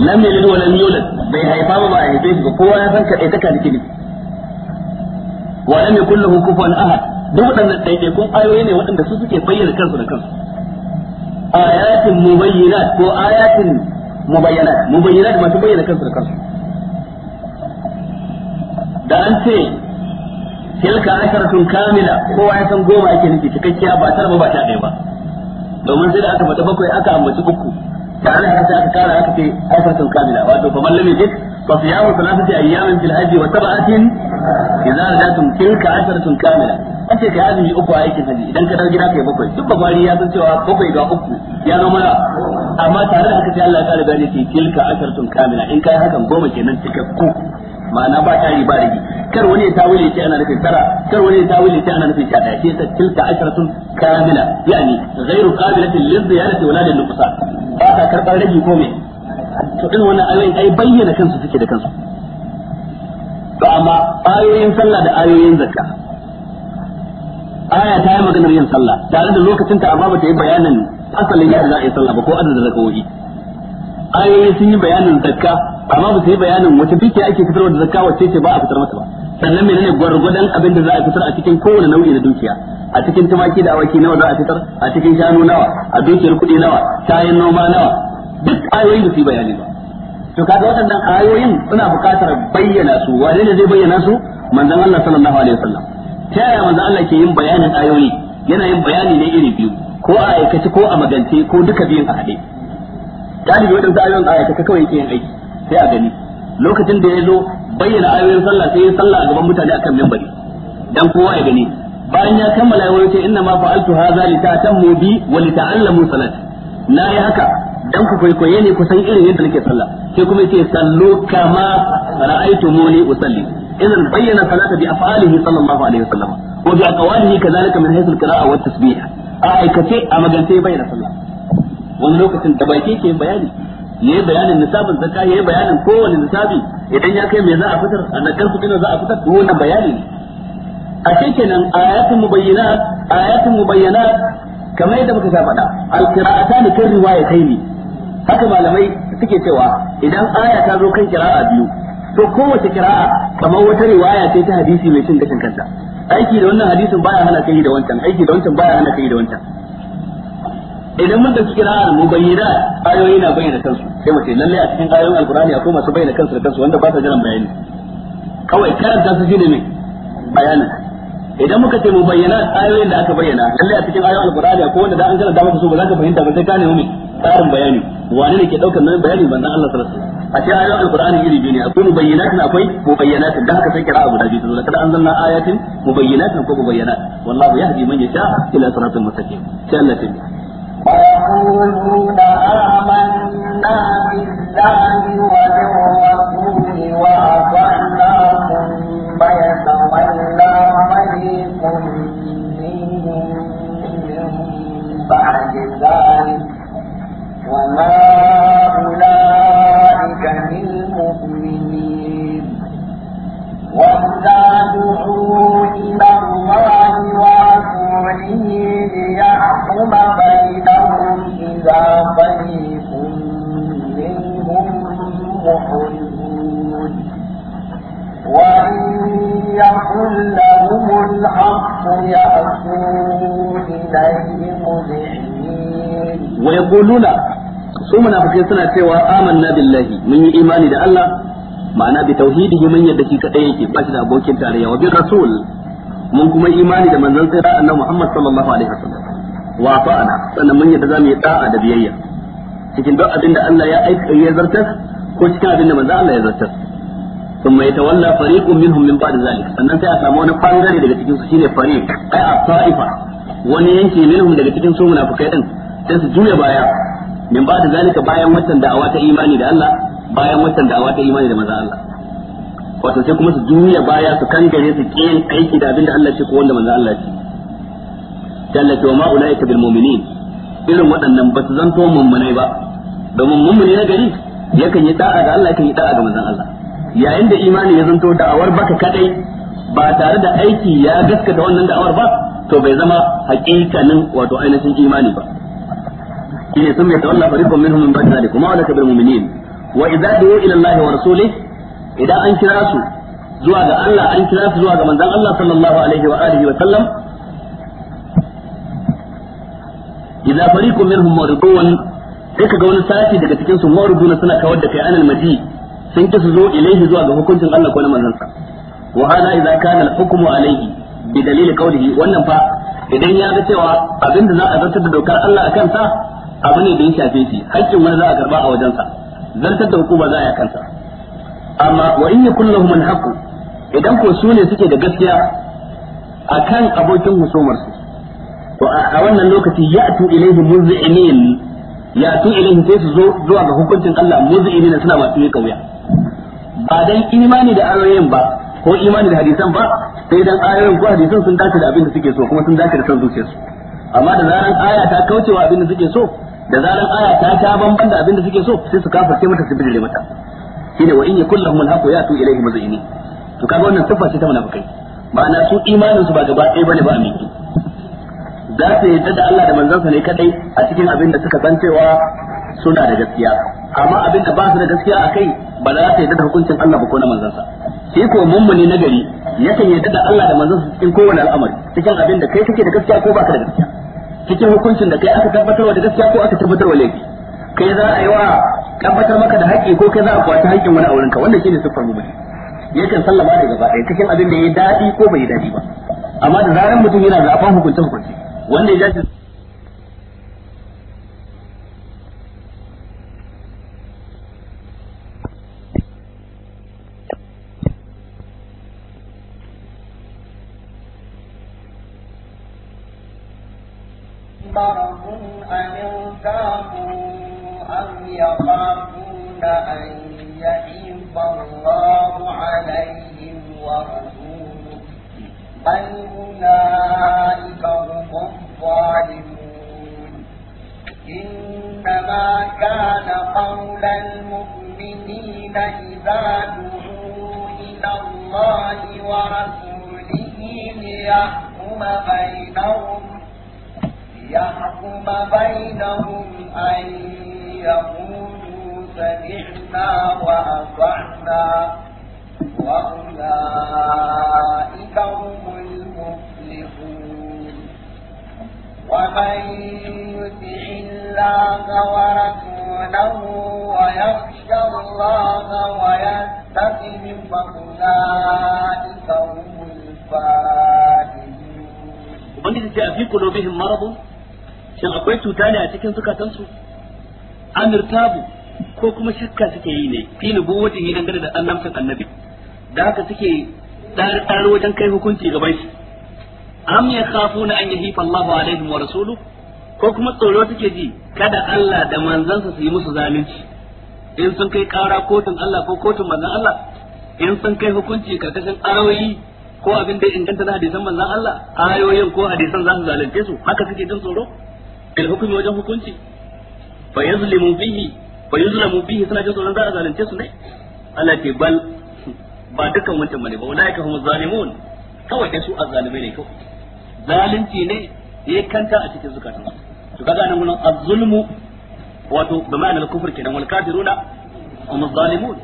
lam yalid wa lam yulad
bai haifa ba ba a haife
shi ba kowa ya san kadai ta kalike ne wa lam yakul lahu kufuwan ahad duk waɗannan ɗaiɗaikun ayoyi ne waɗanda su suke bayyana kansu da kansu ayatin
mubayyinat ko
ayatin mubayyinat mubayyinat masu bayyana kansu da kansu da an ce tilka asharatun kamila kowa ya san goma ake nufi cikakkiya ba tara ba ba ta ba domin sai da aka faɗa bakwai aka ambaci uku da an hasa aka kara aka ce asharatun kamila wato fa mallami duk fa siyamu salatati ayyamin fil hajji wa sab'atin idza rajatum tilka asharatun kamila an ce kai azumi uku a aikin haji idan ka dawo gida kai bakwai duk bari ya san cewa bakwai ga uku ya zama na amma tare da haka sai Allah ya kare gane ce tilka ashartun kamila in kai hakan goma kenan cikakku ma'ana ba tari ba rigi kar wani ya tawile ce ana nufin tara kar wani ya tawile ce ana nufin sha daya sai sai tilka asharatun kamila yani ghairu qabilatin liziyadati wala lil nuqsan ba ta karbar rigi ko me
to irin wannan ayoyin
ai bayyana kansu suke da kansu to amma ayoyin sallah da ayoyin zakka aya ta yi maganar yin sallah tare da lokacin ta amma bata yi bayanin asalin yadda za a yi sallah ba ko adadin zakawoyi ayoyi sun yi bayanin zakka amma ba su yi bayanin wace dukiya ake fitar da zakka wacce ce ba a fitar mata ba sannan menene gwargwadon abin da za a fitar a cikin kowane nau'i na dukiya a cikin tumaki da awaki nawa za a fitar a cikin shanu nawa a dukiyar kuɗi nawa kayan noma nawa duk ayoyin da su yi bayani ba to kaga waɗannan ayoyin suna buƙatar bayyana su wane ne zai bayyana su manzon Allah sallallahu alaihi wasallam ta yaya manzo Allah ke yin bayanin ayoyi yana yin bayani ne iri biyu ko a aikace ko a magance ko duka biyun a haɗe galibi waɗansu ayoyin ayata ka kawai yake yin aiki sai a gani lokacin da ya zo bayyana ayoyin sallah sai ya sallah a gaban mutane akan mimbari dan kowa ya gani bayan ya kammala ya wuce inna ma fa'altu hadha li ta'tammu bi wa li ta'allamu salati na yi haka dan ku kwaikwaye ne ku san irin yadda nake sallah sai kuma yace sallu kama ra'aytumuni usalli إذا بين الصلاة بأفعاله صلى الله عليه وسلم وبأقواله كذلك من a القراءة والتسبيح أعكتي أما قلتي بين الصلاة ونلوكة تبايتي كي بياني yayi bayanin nisabin zakka yayi bayanin kowane nisabi idan ya kai me za a fitar a nakar kuɗin za a fitar to wannan bayani ne a ce kenan ayatun mubayyinat ayatun mubayyinat kamar yadda muka faɗa alqira'atan kan riwayataini haka malamai suke cewa idan aya ta zo kan kira'a biyu to kowace kira'a kamar wata riwaya ce ta hadisi mai cin gashin kanta aiki da wannan hadisin baya hana kai da wancan aiki da wancan baya hana kai da wancan idan mun dauki kira'ar mu bayyana ayoyi na bayyana kansu sai mu ce lalle a cikin ayoyin alqur'ani akwai masu bayyana kansu da kansu wanda ba ta jiran bayani kawai karanta su shine mai bayanin idan muka ce mu bayyana ayoyin da aka bayyana lalle a cikin ayoyin alqur'ani akwai wanda da an da ba su ba za ka fahimta ba sai ka nemi tsarin bayani wane ne ke daukar nan bayani manzon Allah sallallahu a ce ayoyin alqur'ani iri biyu ne akwai mubayyinatin akwai mubayyinatin da haka sai kira abu da to kada anzalna ayatin mubayyinatin ko mubayyinat wallahu yahdi man yasha ila siratal mustaqim sai
Allah ya وما إذا فريق منهم معرضون وإن يكن لهم الحق يأتوا إليه مذعنين
ويقولون su munafikai suna cewa amanna billahi mun yi imani da Allah ma'ana bi tauhidihi mun yadda shi kadai yake ba shi da abokin tarayya wa bi rasul mun kuma imani da manzon tsira annabi Muhammad sallallahu alaihi wasallam wa fa'ana sannan mun yadda zamu yi da'a da biyayya cikin duk abin da Allah ya aika ya zartar ko cikin abin da manzo Allah ya zartar ثم يتولى فريق منهم من بعد ذلك sannan sai a samu wani bangare daga cikin su shine fariq ai a ta'ifa wani yanki minhum daga cikin su munafikai din sai su juya baya min ba da zalika bayan watan da'awa ta imani da Allah bayan watan da'awa ta imani da manzo Allah wato sai kuma su juya baya su kangare su kiyin aiki da abin da Allah ce ko wanda manzo Allah ce jalla ta ma ulaika bil mu'minin irin waɗannan ba su zanto mummunai ba domin mummuni na gari yakan yi da'a ga Allah yakan yi da'a ga manzon Allah yayin da imani ya zanto da'awar baka kadai ba tare da aiki ya gaskata wannan da'awar ba to bai zama hakikanin wato ainihin imani ba shine sun mai tawalla fariqun minhum min ba'd zalika ma alaka bil mu'minin wa idza du'u ila Allah wa rasulih idan an kira su zuwa ga Allah an kira su zuwa ga manzon Allah sallallahu alaihi wa alihi wa sallam idza fariqun minhum muridun sai kaga wani sashi daga cikin su muriduna suna kawar da kai anil maji sun ki su zo ilaihi zuwa ga hukuncin Allah ko na manzansa wa hada idza kana al hukmu alaihi bi dalil qawlihi wannan fa idan ya ga cewa abinda za a zartar da dokar Allah a kansa abu ne da ya shafe shi haƙƙin wani za karba a wajensa zartar da hukuma za a yi kansa amma wa in yakun lahum al idan ko su ne suke da gaskiya akan abokin husumarsu a wannan lokaci ya'tu ilayhi muz'imin tu ilaihi sai su zo zuwa ga hukuncin Allah muz'imin suna masu yi kauya ba dan imani da ayoyin ba ko imani da hadisan ba sai dan ayoyin ko hadisan sun dace da abin da suke so kuma sun dace da san zuciyarsu amma da zaran aya ta kaucewa abin da suke so da zaran aya ta ta bamban da abin da suke so sai su sai mata su bijire mata shine wa in yakul lahum al-haqu yatu ilayhi muzini to kaga wannan sifa ce ta munafikai ma'ana su imanin su ba gaba ɗaya bane ba amin miki za su yadda da Allah da manzansa ne kadai a cikin abin da suka san cewa suna da gaskiya amma abin da ba su da gaskiya a kai ba za su yadda da hukuncin Allah ba ko na manzansa shi ko mummuni na gari yakan yadda da Allah da manzansa cikin kowane al'amari cikin abin da kai kake da gaskiya ko baka da gaskiya cikin hukuncin da kai aka tabbatarwa da gaskiya ko aka tabbatarwa laifi kai za a yi wa tabbatar maka da haƙƙi ko kai za a kwaci haƙƙin wani auren ka wannan shine siffar mummuni yakan sallama da gaba cikin abin da ya daɗi ko bai daɗi ba amma da zaran mutum yana da afan hukunce hukunce wanda ya dace
أم يخافون أن الله عليهم بل أولئك الظالمون إنما كان قول المؤمنين إذا دعوا إلى الله ورسوله ليحكم بينهم ليحكم بينهم أن يقولوا سمعنا وأطعنا وأولئك هم ومن يطع الله ورسوله ويخشى الله ويتقه فأولئك هم الفائزون
ومن في قلوبهم مرض shin akwai cuta ne a cikin zukatansu an ko kuma shakka suke yi ne fi nubu wajen yi dangane da annabcin annabi da haka suke ɗari wajen kai hukunci gaban shi am na an yahifa Allahu alaihim wa rasuluhu ko kuma tsoro suke ji kada Allah da manzansa su yi musu zalunci in sun kai kara kotun Allah ko kotun manzan Allah in sun kai hukunci karkashin ayoyi ko abin da inganta na hadisan manzan Allah ayoyin ko hadisan za su zalunce su haka suke jin tsoro il hukumi wajen hukunci fa yuzlimu bihi fa yuzlamu bihi suna jin tsoron za a zalunce su ne Allah ke bal ba dukkan wancan bane ba ulaika hum zalimun kawai dai su azzalimai ne kawai zalunci ne ya kanta a cikin zukatan to kaga nan gurin az-zulmu wato bi ma'anar kufur kenan wal kafiruna hum zalimun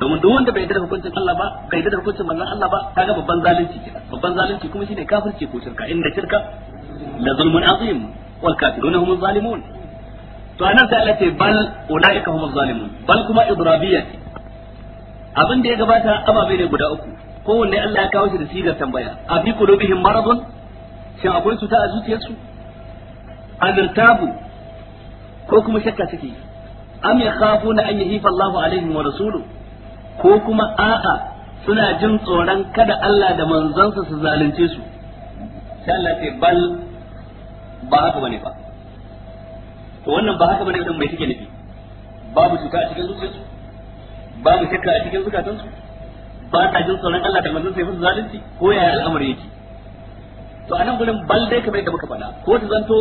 domin duk wanda bai yarda da hukuncin Allah ba bai yarda da hukuncin manzon Allah ba kaga babban zalunci kenan babban zalunci kuma shine kafirci ko shirka inda shirka
la zulmun azim
wal kafiruna hum zalimun to anan sai Allah ce bal ulaika hum zalimun bal kuma idrabiyya abin da ya gabata ababe ne guda uku kowanne Allah ya kawo shi da sigar tambaya a fi qulubihim maradun shin akwai cuta a zuciyarsu amirtabu ko kuma shakka suke am yakhafuna an yahifa Allahu alaihim wa rasuluhu ko kuma a'a suna jin tsoron kada Allah da manzansa su zalunce su sai Allah ce bal ba haka bane ba to wannan ba haka bane din mai take nufi babu cuta a cikin zuciyarsu babu shakka a cikin zukatansu ba ta jin tsoron Allah da manzansa ya musu zalunci ko yaya al'amari yake to a nan gurin bal dai kamar yadda muka faɗa ko ta zanto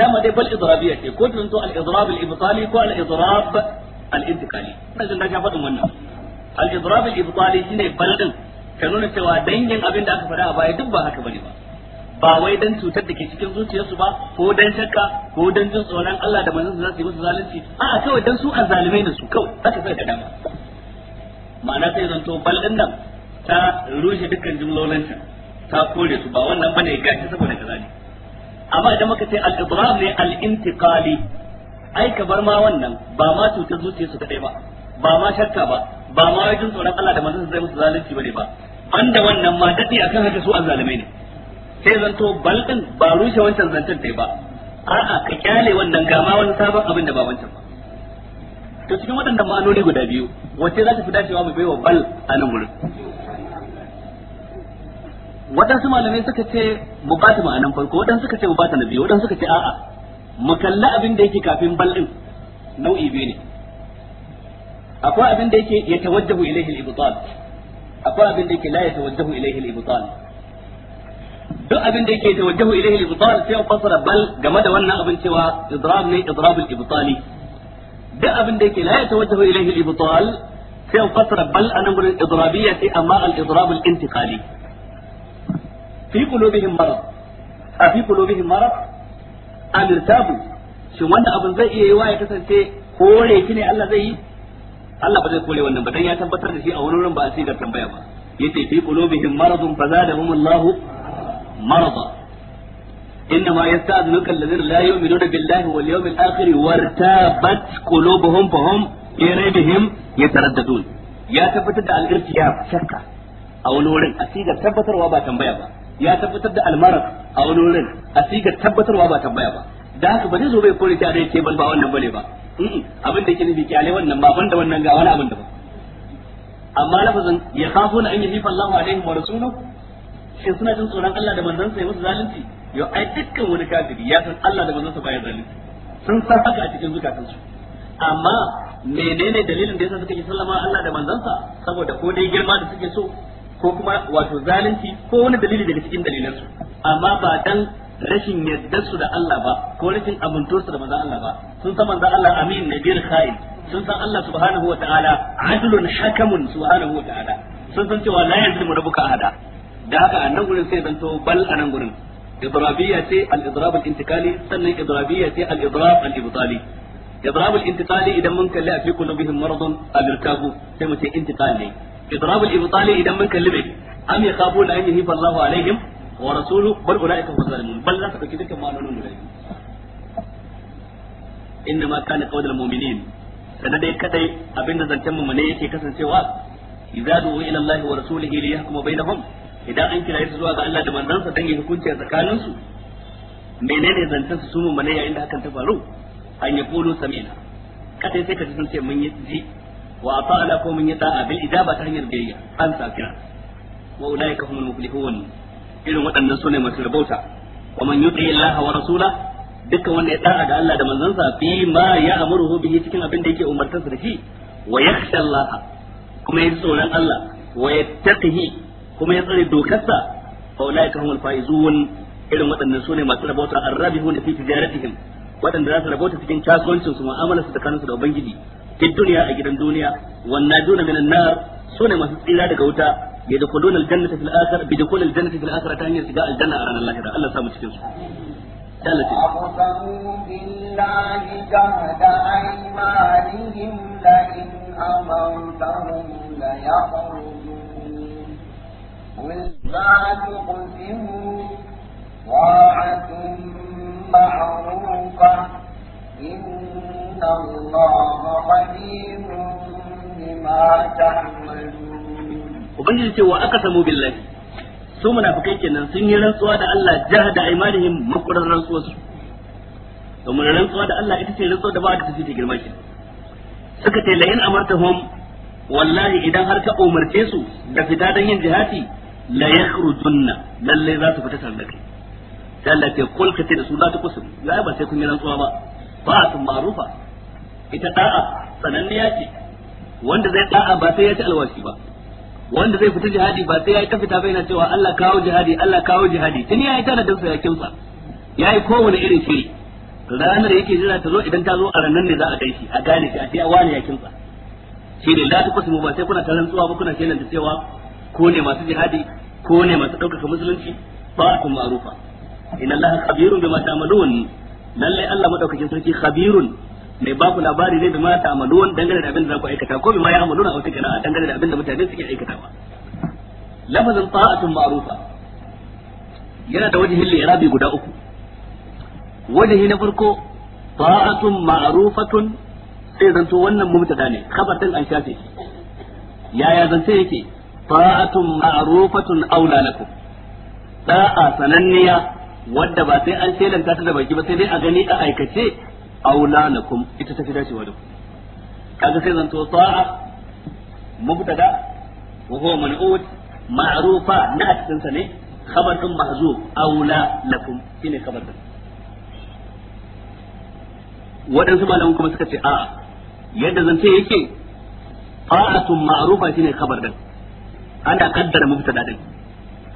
dama dai bal idrabiyya ce ko ta zanto al idrab al ibtali ko al idrab al intiqali ina jin daga faɗin wannan al idrab al ibtali shine bal din ka nuna cewa dangin abin da aka faɗa a baya duk ba haka bane ba ba wai dan cutar da ke cikin zuciyarsu ba ko dan shakka ko dan jin tsoron Allah da manzon za su yi musu zalunci a'a kawai dan su azzalimai ne su kawai haka sai da dama ma'ana sai zanto bal din nan ta rushe dukkan jumlolin ta kore su ba wannan bane gashi saboda kaza ne amma idan muka ce al-idrar ne al-intiqali ai ka bar ma wannan ba ma cutar zuciya su kadai ba ba ma shakka ba ba ma wajen tsoron Allah da manzon zai musu zalunci bane ba
banda wannan ma
dadi akan haka su azzalimai ne sai zanto bal din ba rushe wancan zancen dai ba a'a ka kyale wannan ga ma wani sabon abin da ba wancan ba to cikin waɗannan ma'anoni guda biyu wacce za ta fi dacewa mu baiwa bal a nan wurin waɗansu malamai suka ce bukatu ma'anan farko waɗansu suka ce bukatu na biyu waɗansu suka ce a'a mu kalli abin da yake kafin bal din nau'i biyu ne akwai abin da yake ya tawajjahu ilaihi al-ibtal akwai abin da yake la ya tawajjahu ilaihi al-ibtal duk abin da yake ya tawajjahu ilaihi al-ibtal sai an fasara bal game da wannan abin cewa idrab ne idrab al-ibtali duk abin da yake la ya tawajjahu ilaihi al-ibtal sai an fasara bal anan gurin idrabiyya sai amma al-idrab al-intiqali a fi qulubihim marad an irtabu shin wannan abin zai iya yiwa ya kasance kore shi ne Allah zai yi Allah ba zai kore wannan ba dan ya tabbatar da shi a wani wurin ba a sigar tambaya ba yace fi qulubihim maradun fazadahum Allah marada إنما يستأذنك الذين لا يؤمنون بالله واليوم الآخر وارتابت قلوبهم فهم في ريبهم يترددون يا تبتد الارتياب شكا أو نور أسيدة ba tambaya ba. ya tabbatar da almarar a wani wurin a cikin tabbatarwa ba tambaya ba da haka ba zai zo bai kore ta dai ke ban ba wannan bane ba abin da yake nufi kyale wannan ba banda wannan ga wani abin da ba amma lafazin ya na an yahifa Allahu alaihim wa rasuluhu shin suna jin tsoron Allah da manzansa ya musu zalunci yau ai dukkan wani kafiri ya san Allah da manzansa bayan zalunci sun san haka a cikin zukatansu amma menene dalilin da yasa suka yi sallama Allah da manzansa saboda ko dai girma da suke so ko kuma wato zalunci ko wani dalili daga cikin dalilansu amma ba dan rashin yardarsu da Allah ba ko rashin amintosu da manzon Allah ba sun san manzon Allah amin nabir khail sun san Allah subhanahu wa ta'ala adlun hakamun subhanahu wa ta'ala sun san cewa la yazlimu rabbuka ahada da haka a nan gurin sai zanto bal a nan gurin idrabiyya ce al-idrab al-intikali sannan idrabiyya ce al-idrab al-ibtali idrab al-intikali idan mun kalli a fi kulubihim maradun al-irtabu sai mu ce intikali idrabul ibtali idan mun kalli mai am yakhafu la an yahifa Allahu alaihim wa rasuluhu bal ulaika hum zalimun bal za ka dauki dukkan ma'anonin guda biyu inna ma kana kadai abinda zancen mu ne yake kasancewa idza du'u ila Allah wa kuma li yahkuma bainahum idan an kira su zuwa ga Allah da manzansa dan hukunci a tsakanin su menene zancen su su mu ne yayin da hakan ta faru an kulu sami'na kadai sai ka ji sun ce mun yi wa ata'ana ko mun yi da'a bil ijaba ta hanyar biyayya an sakira wa ulaika humul muflihun irin waɗannan sune masu rabauta wa man yuti Allah wa rasula dukkan wanda ya da'a ga Allah da manzansa fi ma ya ya'muruhu bihi cikin abin da yake umartarsa da shi wa yakhsha Allah kuma ya tsoron Allah wa yattaqihi kuma ya tsare dokarsa fa ulaika humul faizun irin waɗannan sune masu rabauta arrabihun fi tijaratihim waɗanda za su rabauta cikin kasuwancin su mu'amalarsu tsakaninsu da ubangiji fi dunya a gidan duniya wan najuna minan nar sune masu tsira daga wuta yadkhuluna aljannata fil akhir bi dukhulil jannati fil akhirah ta hanyar shiga aljanna a ranar lahira Allah ya samu cikin
su أقسموا بالله جهد أيمانهم لئن أمرتهم ليخرجون قل لا تقسموا طاعة معروفة إن الله خبير بما تعملون
وبنجي وأقسموا بالله su munafikai kenan sun yi rantsuwa da Allah da makwarar rantsuwa su. rantsuwarsu domin rantsuwa da Allah ita ce rantsuwa da ba ta tafi ta girma kenan suka ce la in amartahum wallahi idan har ka umarce su da fita dan yin jihadi la yakhrujunna lalle za su fita tare da kai sai Allah ya kulka da su za ta kusa ba sai kun yi rantsuwa ba ta'atun ma'rufa ita da'a sananniya ce wanda zai da'a ba sai ya ci alwashi ba wanda zai fita jihadi ba sai ya yi ta fita bai na cewa Allah kawo jihadi Allah kawo jihadi tun ya yi tana da su ya kimsa ya yi kowane irin shiri ranar yake jira ta zo idan ta zo a ranar ne za a kai shi a gane shi a ce wani ya sa shi ne la mu ba sai kuna ta tsuwa ba kuna kenan da cewa ko ne masu jihadi ko ne masu ɗaukaka musulunci ba kun ma'rufa inna allaha khabirun bima ta'malun lallai Allah madaukakin sarki khabirun mai ba ku labari ne da ma ta amalun dangane da abin da za ku aikata ko ma ya amaluna a wata kira dangane da abin da mutane suke aikatawa lafazin ta'atun ma'rufa yana da wajihin li'irabi guda uku wajihi na farko ta'atun ma'rufatun sai zanto wannan mubtada ne khabarin an shafe yaya zance yake ta'atun ma'rufatun aula lakum da'a sananniya wadda ba sai an shelanta ta da baki ba sai dai a gani a aikace aula kum ita ta fi dacewa da ku kaga sai zanto ta'a mubtada wa huwa man'ud ma'rufa na cikin sa ne khabar din mahzuf aula lakum shine khabar din waɗansu malaman kuma suka ce a yadda zance yake fa'atun ma'rufa shine khabar din ana kaddara mubtada din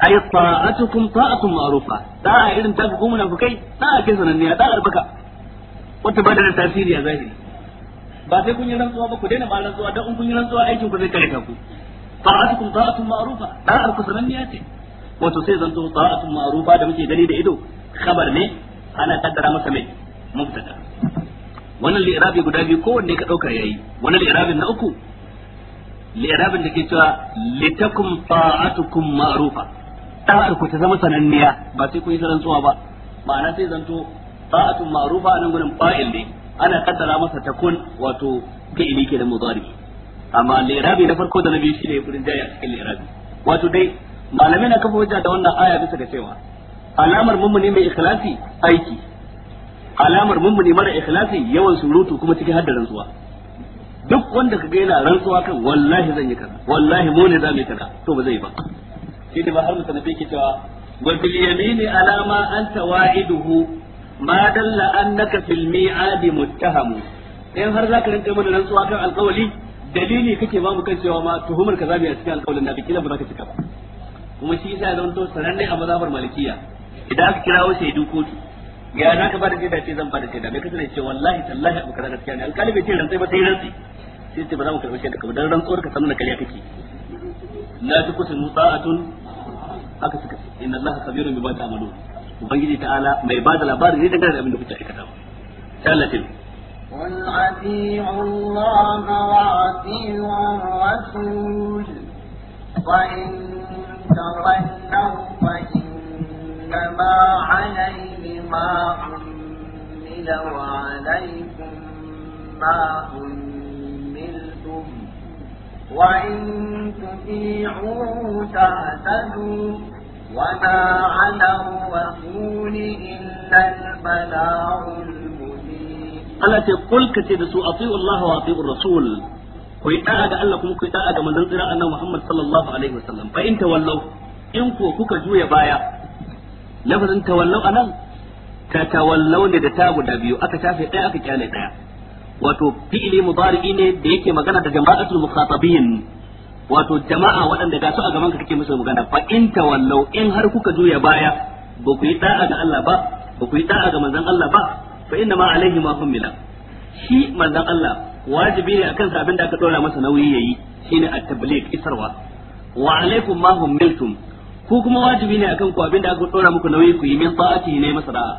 ay ta'atukum ta'atun ma'rufa a irin ta ku a kin ke sananniya a baka wata ba da tasiri a zahiri ba sai kun yi rantsuwa ba ku daina ba rantsuwa dan kun yi rantsuwa aikin ku zai kare ku ta'atukum ta'atun ma'rufa da'a ku ya ce wato sai zanto ta'atun ma'rufa da muke gani da ido khabar ne ana kaddara masa mai mubtada wannan li'irabi guda biyu kowanne ka dauka yayi wannan li'irabin na uku li'irabin da ke cewa litakum ta'atukum ma'rufa da'ar ku ta zama sananniya ba sai ku yi tsuwa ba ma'ana sai zanto da'atun ma'rufa nan gurin fa'il ne ana kaddara masa takun wato fi'ili ke da mudari amma lirabi na farko da na biyu shine gurin jaya cikin lirabi wato dai malami na kafa wajen da wannan aya bisa ga cewa alamar mummuni mai ikhlasi aiki alamar mummuni mara ikhlasi yawan surutu kuma cikin haddarin zuwa duk wanda ka ga yana rantsuwa kan wallahi zan yi kaza wallahi mu ne za mu yi kaza to ba zai ba shi ne ma har musanafi ke cewa wa bil yamini alama anta wa'iduhu ma dalla annaka fil mi'adi muttahamu in har zaka rinka mana rantsuwa kan alƙawali dalili kake ba mu kan cewa ma tuhumar ka zabi a cikin alƙawalin da kila ba za ka cika ba kuma shi yasa zan to sananne a mazhabar malikiya idan aka kirawo shaidu kotu ya na ka ba da shaida ce zan ba da shaida me kace ce wallahi tallahi abu kaza gaskiya ne alƙali bai ce rantsai ba sai rantsi sai ce ba za mu karɓi shaida ka ba dan rantsuwar ka sanin da kariya kake la kusa muta'atun haka suka ce inna allaha kabirun bima ta'malun ubangiji ta'ala mai bada labari ne dangane da abin da kuke aikata sai salatin ya
قل أطيعوا الله وأطيعوا الرسول وإن تولوا فإنما عليه ما أمل وعليكم ما أملتم وإن تطيعوه تهتدوا وما على الرسول إلا البلاغ المبين
ألا تقول كتب سوء أطيعوا الله وأطيعوا الرسول ku yi da'a ga Allah kuma ku yi da'a ga manzon tsira annabi Muhammad sallallahu alaihi wasallam fa in tawallau in ko kuka juya baya lafazin tawallau anan ta tawallau ne da ta guda biyu aka tafe ɗaya aka kyale ɗaya wato fi'ili mudari'i ne da yake magana da jama'atul mukhatabin wato jama'a waɗanda ga su a gaban ka kake musu magana fa in tawallau in har kuka juya baya ba ku yi da'a ga Allah ba ba ku yi da'a ga manzon Allah ba fa inna ma alaihi ma humila shi manzon Allah wajibi ne akan sabin da aka dora masa nauyi yayi shine at-tabligh isarwa wa alaikum ma humiltum ku kuma wajibi ne akan ku abinda aka dora muku nauyi ku yi min ta'ati ne masa da'a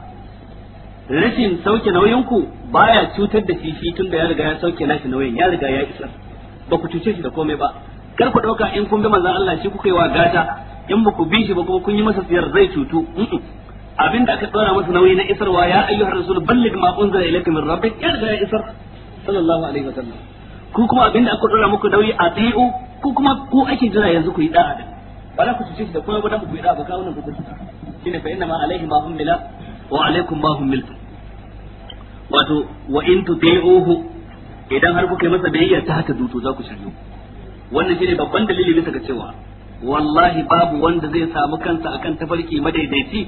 rashin sauke nauyin ku baya cutar da fifi tun da ya riga ya sauke nashi nauyin ya riga ya isar ba ku cuce shi da komai ba kar ku dauka in kun bi manzon Allah shi kuka yi wa gata in ba ku bi shi ba kuma kun yi masa siyar zai cutu abin da aka tsora masa nauyi na isarwa ya ayyuhar rasul ballig ma unzila ilayka min rabbik ya riga ya isar sallallahu alaihi wa sallam ku kuma abin da aka tsora muku nauyi a tsi'u ku kuma ku ake jira yanzu ku yi da'a da ba za ku cuce shi da komai ba dan ku yi da'a ba kawunan ku kuka shine fa inna ma alaihi ma ummila wa alaikum ma hum wato wa in tuti'uhu idan har kuka yi masa biyayya ta haka duto za ku shirye wannan shine babban dalili ne ga cewa wallahi babu wanda zai samu kansa akan tafarki madaidaici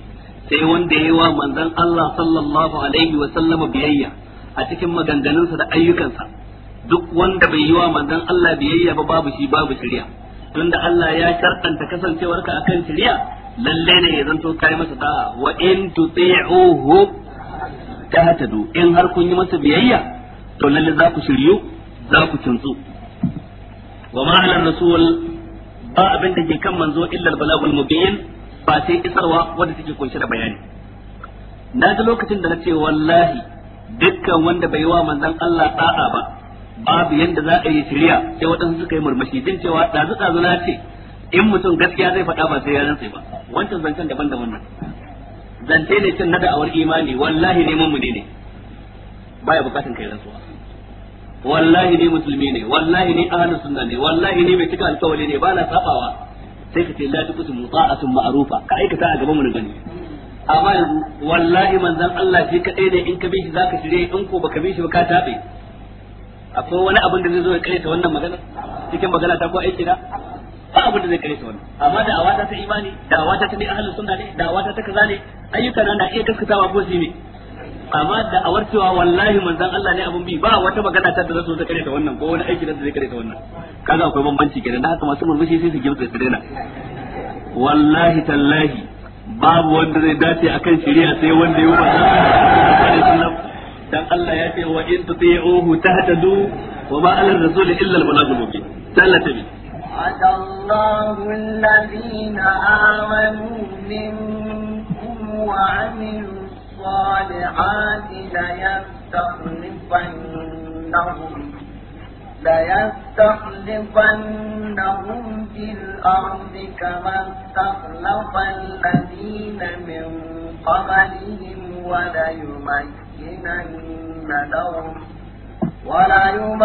sai wanda ya yi wa manzon Allah sallallahu alaihi wa sallama biyayya a cikin maganganunsa da ayyukansa duk wanda bai yi wa manzon Allah biyayya ba babu shi babu shirya tunda Allah ya shartanta kasancewarka akan shirya Lallai ne ya zanto kai masa da wa in tuti'uhu tahtadu in har kun yi masa biyayya to lalle za ku shiryu za ku tuntsu wa ma ala rasul ba abin da ke kan manzo illa al-balagul mubin ba sai isarwa wanda take kunshi da bayani na ji lokacin da na ce wallahi dukkan wanda bai wa manzon Allah da'a ba babu yanda za a yi shirya sai waɗansu suka yi murmushi din cewa dazu dazu na ce in mutum gaskiya zai faɗa ba sai ya rantsa ba wancan zancen daban da wannan zance ne cin na da'awar imani wallahi ne mun ne baya bukatan kai rantsuwa wallahi ne musulmi ne wallahi ne ahlus sunna ne wallahi ne mai cika alkawari ne ba na sabawa sai ka ce la tukutu muta'atun ma'rufa ka aikata a gaban mu gani amma yanzu wallahi manzon Allah shi kadai ne in ka bi shi zaka shirye in ko baka bi shi ba ka tabe akwai wani abin da zai zo ya ta wannan magana cikin magana ta ko aiki da? ba abin da zai kare ta wannan amma da awata ta imani da awata ta ne ahlus sunna ne da awata ta kaza ne ayyuka na iya kaskatawa ko su ne amma da awar cewa wallahi manzon Allah ne abun bi ba wata magana ta da zato ta kare ta wannan ko wani aiki da zai kare ta wannan kaga akwai bambanci kenan da haka masu murmushi sai su gimtsa su daina wallahi tallahi babu wanda zai dace akan shari'a sai wanda ya wata dan Allah ya ce wa in tuti'uhu tahtadu wa ma ala rasul illa al-balagh mubin sallata bi
الله الذين آمنوا منكم وعملوا الصالحات ليستخلفنهم ليستخلفنهم في الأرض كما استخلف الذين من قبلهم وليمكنن لهم وليمكنن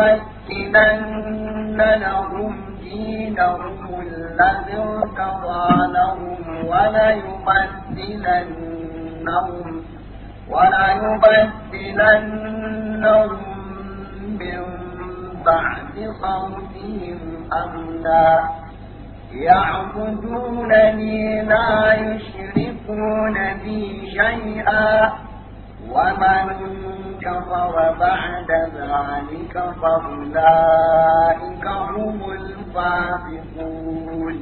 لهم دينهم الذي ارتضى لهم وليبدلنهم وليبدلنهم من بعد صوتهم أمنا يعبدونني لا يشركون بي شيئا ومن كفر بعد ذلك فأولئك هم الفاسقون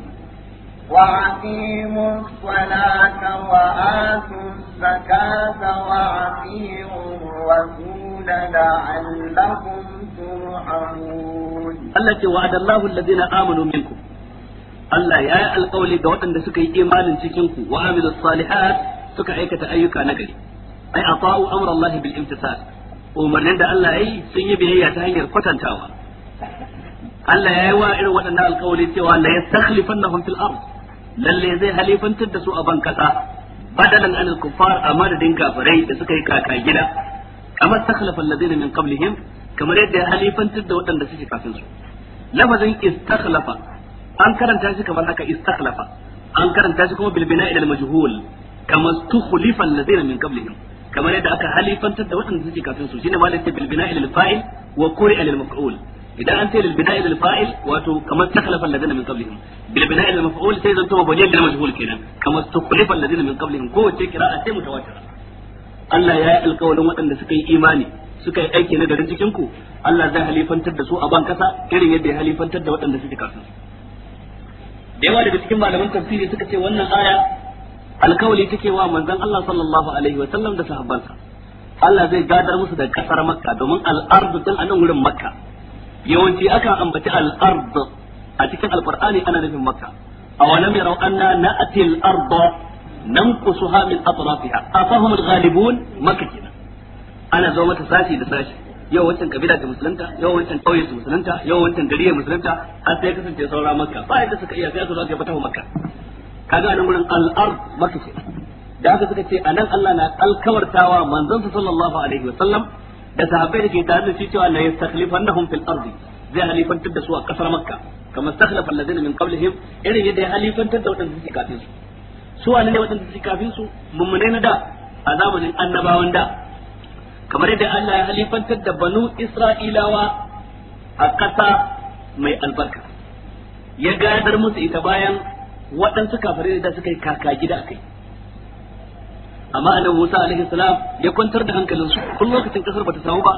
وأقيموا الصلاة وآتوا الزكاة وأطيعوا الرسول لعلكم ترحمون. التي وعد الله الذين آمنوا
منكم Allah ya yi alkawali ga waɗanda suka yi imanin cikinku wa amilu salihat suka aikata ayyuka na gari ai ata'u amra Allah bil imtisal umarnin da Allah yayi sun yi biyayya ta hanyar kwatantawa
Allah ya yi wa irin
waɗannan alƙawari cewa la yastakhlifannahum fil ard lalle zai halifantar da su a ban kasa badalan anil kuffar a madadin kafirai da suka yi kaka gida kamar stakhlafa alladhina min qablihim kamar yadda ya halifantar da waɗanda suke kafin su lafazin istakhlafa an karanta shi kamar haka istakhlafa an karanta shi kuma bil bina'i al majhul kama tukhlifa alladhina min qablihim kamar yadda aka halifantar da waɗanda suke kafin su shine malaka bil bina lil fa'il wa quri'a lil maf'ul idan an ce lil bina'i lil fa'il wato kamar takhlafa alladhina min qablihim bil bina'i lil maf'ul sai zanto mabniyan lil majhul kenan kamar tukhlafa alladhina min qablihim ko wace kira'a sai mutawatir Allah ya yi alƙawarin waɗanda suka yi imani suka yi aiki na garin cikin ku Allah zai halifantar da su a ban kasa irin yadda ya halifantar da waɗanda suke kafin su da yawa daga cikin malaman tafsiri suka ce wannan aya alkawali take wa manzon Allah sallallahu alaihi wa sallam da sahabbansa Allah zai gadar musu da kasar Makka domin al-ardu din anan wurin Makka yawanci aka ambaci al-ardu a cikin alqur'ani ana nufin Makka awalam yarau anna na'ti al-ardu nanqusuha min atrafiha afahum al-ghalibun Makka kenan ana zo mata sashi da sashi yau wancan kabila ta musulunta yau wancan kauye ta musulunta yau wancan gari ya musulunta har sai kasance saura makka ba yadda suka iya sai su zo ga fatahu makka kaga anan gurin al-ard maka ce da haka suka ce anan Allah na alkawartawa manzon sallallahu alaihi wasallam da sahabbai da ke tare da shi cewa la yastakhlifannahum fil ardi zai halifantar da su a kasar makka kama stakhlafa alladhina min qablihim irin yadda ya halifantar da wadanda suke kafin su su wane ne wadanda suke kafin su mummunai na da a zamanin annabawan da kamar yadda Allah ya halifantar da banu isra'ilawa a kasa mai albarka ya gadar musu ita bayan waɗansu kafirai da suka yi kaka gida akai amma annabi Musa alaihi salam ya kwantar da su kun lokacin kasar bata samu ba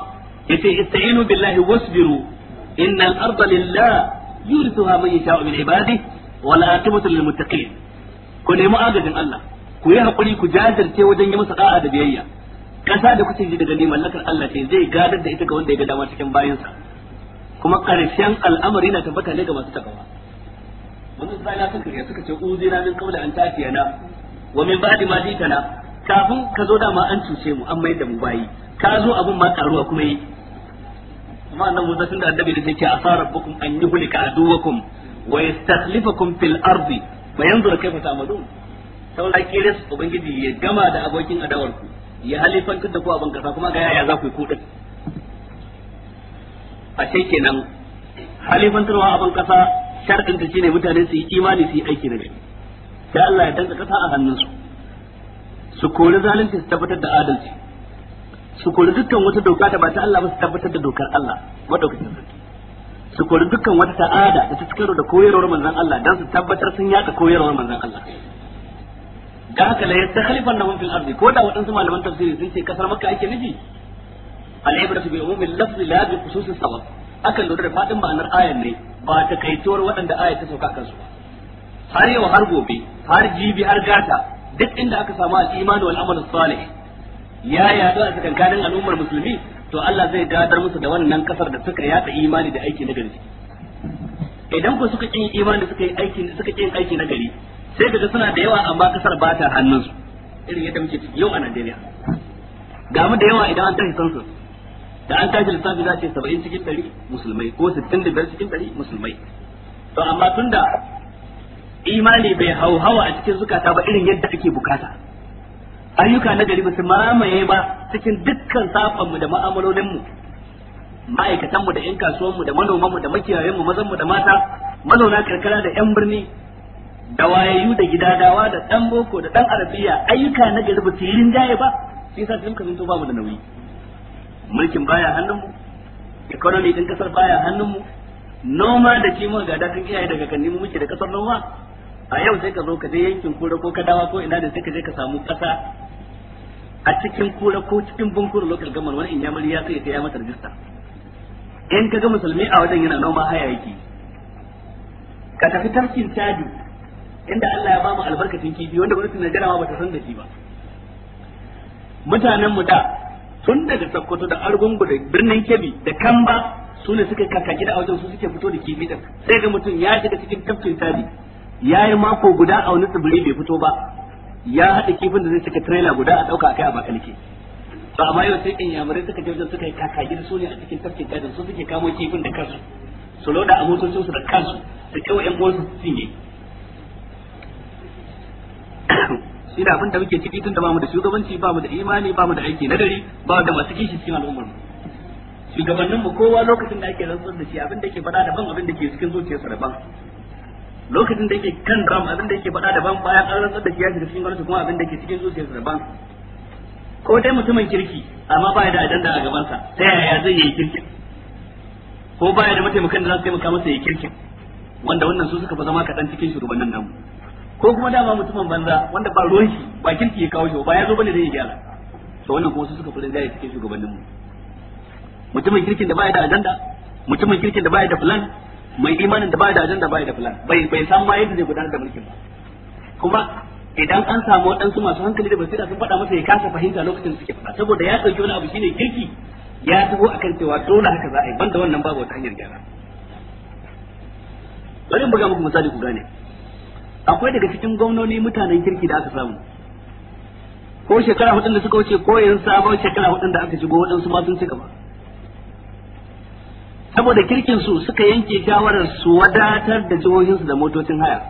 yace istainu billahi wasbiru innal arda lillah yurithuha man yasha'u min ibadihi wal aqibatu lil muttaqin ku nemi agajin Allah ku yi hakuri ku jajirce wajen yi masa da'a da biyayya kasa da kuke ji daga ni mallakar Allah ce zai gadar da ita ga wanda ya ga dama cikin bayansa. kuma ƙarshen al'amari na tabbata ne ga masu takawa wannan sai na suka suka ce uzina min qabla an tatiyana wa min ba'di ma jitana kafin ka zo dama an cuce mu an maida mu bayi ka zo abun ma karuwa kuma yi amma annan musa tun da annabi da yake asa rabbukum an yuhlika aduwakum wa yastakhlifakum fil ardi fa yanzur kayfa ta'malun saboda kiris ubangiji ya gama da abokin adawar ku ya halifantar da ku a bankasa kuma ga yaya za ku yi kudin a sai kenan halifantarwa a bankasa sharɗin ta shine mutane su yi imani su yi aiki da shi sai Allah ya danka kasa a hannunsu su kori zalunci su tabbatar da adalci su kori dukkan wata doka ta ba ta Allah ba su tabbatar da dokar Allah madaukakin sarki su kori dukkan wata ta'ada da ta cikaro da koyarwar manzon Allah dan su tabbatar sun yaka koyarwar manzon Allah da haka la yastakhlifan nahum fil ardi ko da waɗansu malaman tafsiri sun ce kasar makka ake nufi al-ibratu bi umumil lafzi la bi khususis sabab akan lura da fadin ma'anar ayan ne ba ta kaituwar waɗanda aya ta sauka kansu har yau har gobe har jibi har gata duk inda aka samu al'imani iman wal amal salih ya yaɗu a tsakankanin al'ummar musulmi to Allah zai gadar musu da wannan kasar da suka yada imani da aiki na gari idan ku suka kin imani da suka yi aiki suka kin aiki na gari sai kaga suna da yawa amma kasar ba ta hannunsu irin yadda muke yau a Najeriya
ga mu da yawa idan an tafi
sansu da an tashi lissafi za a ce 70 cikin dari musulmai ko 65 cikin dari musulmai to amma tun da imani bai hauhawa a cikin zukata ba irin yadda ake bukata ayyuka na gari musu mamaye ba cikin dukkan safanmu da ma'amalolinmu ma'aikatanmu da 'yan kasuwanmu da manomanmu da makiyayenmu mazanmu da mata mazauna karkara da 'yan birni da wayayyu da gidadawa da dan boko da ɗan arabiya ayyuka na gari ba su yi rinjaye ba shi sa sun ka zanto ba mu da nauyi mulkin baya hannunmu economy din kasar baya hannunmu noma da kima ga gada iyaye daga kanni mu muke da kasar noma a yau sai ka zo ka je yankin kura ko ka dawo ko ina da sai ka je ka samu kasa a cikin kura ko cikin bunkur local government wani inyamari ya sai ya masa rajista in ka ga musulmi a wajen yana noma haya yake ka tafi tafkin sadu inda Allah ya bamu albarkacin kifi wanda gwamnatin Najeriya ma bata san da shi ba mutanen mu da tun daga sakkwato da argungu da birnin kebi da kamba su ne suka kakaki da wajen su suke fito da kifi din sai ga mutum ya shiga cikin tafkin tabi ya yi mako guda a wani tsibiri bai fito ba ya haɗa kifin da zai cika trailer guda a ɗauka a kai a bakalike ba amma yau sai in yamurai suka je wajen suka yi kakaki su ne a cikin tafkin tabi su suke kamo kifin da kansu su loda a motocin su da kansu su kawai wa ƴan uwansu su cinye shine abin da muke ciki tunda bamu da shugabanci bamu da imani bamu da aiki na dare ba da masu kishi cikin al'ummar mu shugabannin mu kowa lokacin da ake rantsar da shi abin da yake faɗa daban abin da ke cikin zuciyarsa daban lokacin da yake kan ram abin da yake faɗa daban bayan an rantsar da shi ya shiga cikin gwamnati kuma abin da ke cikin zuciyarsa daban ko dai mutumin kirki amma baya da ajanda a gabansa ta yaya zai yi kirkin ko baya da mataimakan da za su taimaka masa yi kirkin wanda wannan su suka fa zama kaɗan cikin shugabannin namu ko kuma dama mutumin banza wanda ba ruwan shi ba kirki ya kawo shi ba ya zo bane da ya gyara to wannan kuma su suka furin gaya cikin shugabannin mu mutumin kirkin da baya da ajanda mutumin kirkin da baya da plan mai imanin da baya da ajanda baya da plan bai bai san ma yadda zai gudanar da mulkin ba kuma idan an samu waɗansu masu hankali da basira sun faɗa masa ya kasa fahimta lokacin da suke faɗa saboda ya ɗauki wani abu shine kirki ya taho akan cewa dole haka za a yi banda wannan babu wata hanyar gyara bari in ga muku misali ku gane akwai daga cikin gwamnoni mutanen kirki da aka samu ko shekara hudun da suka wuce ko yanzu sabon shekara hudun da aka shigo waɗansu ma sun ci gaba saboda kirkin suka yanke shawarar su wadatar da jihohinsu da motocin haya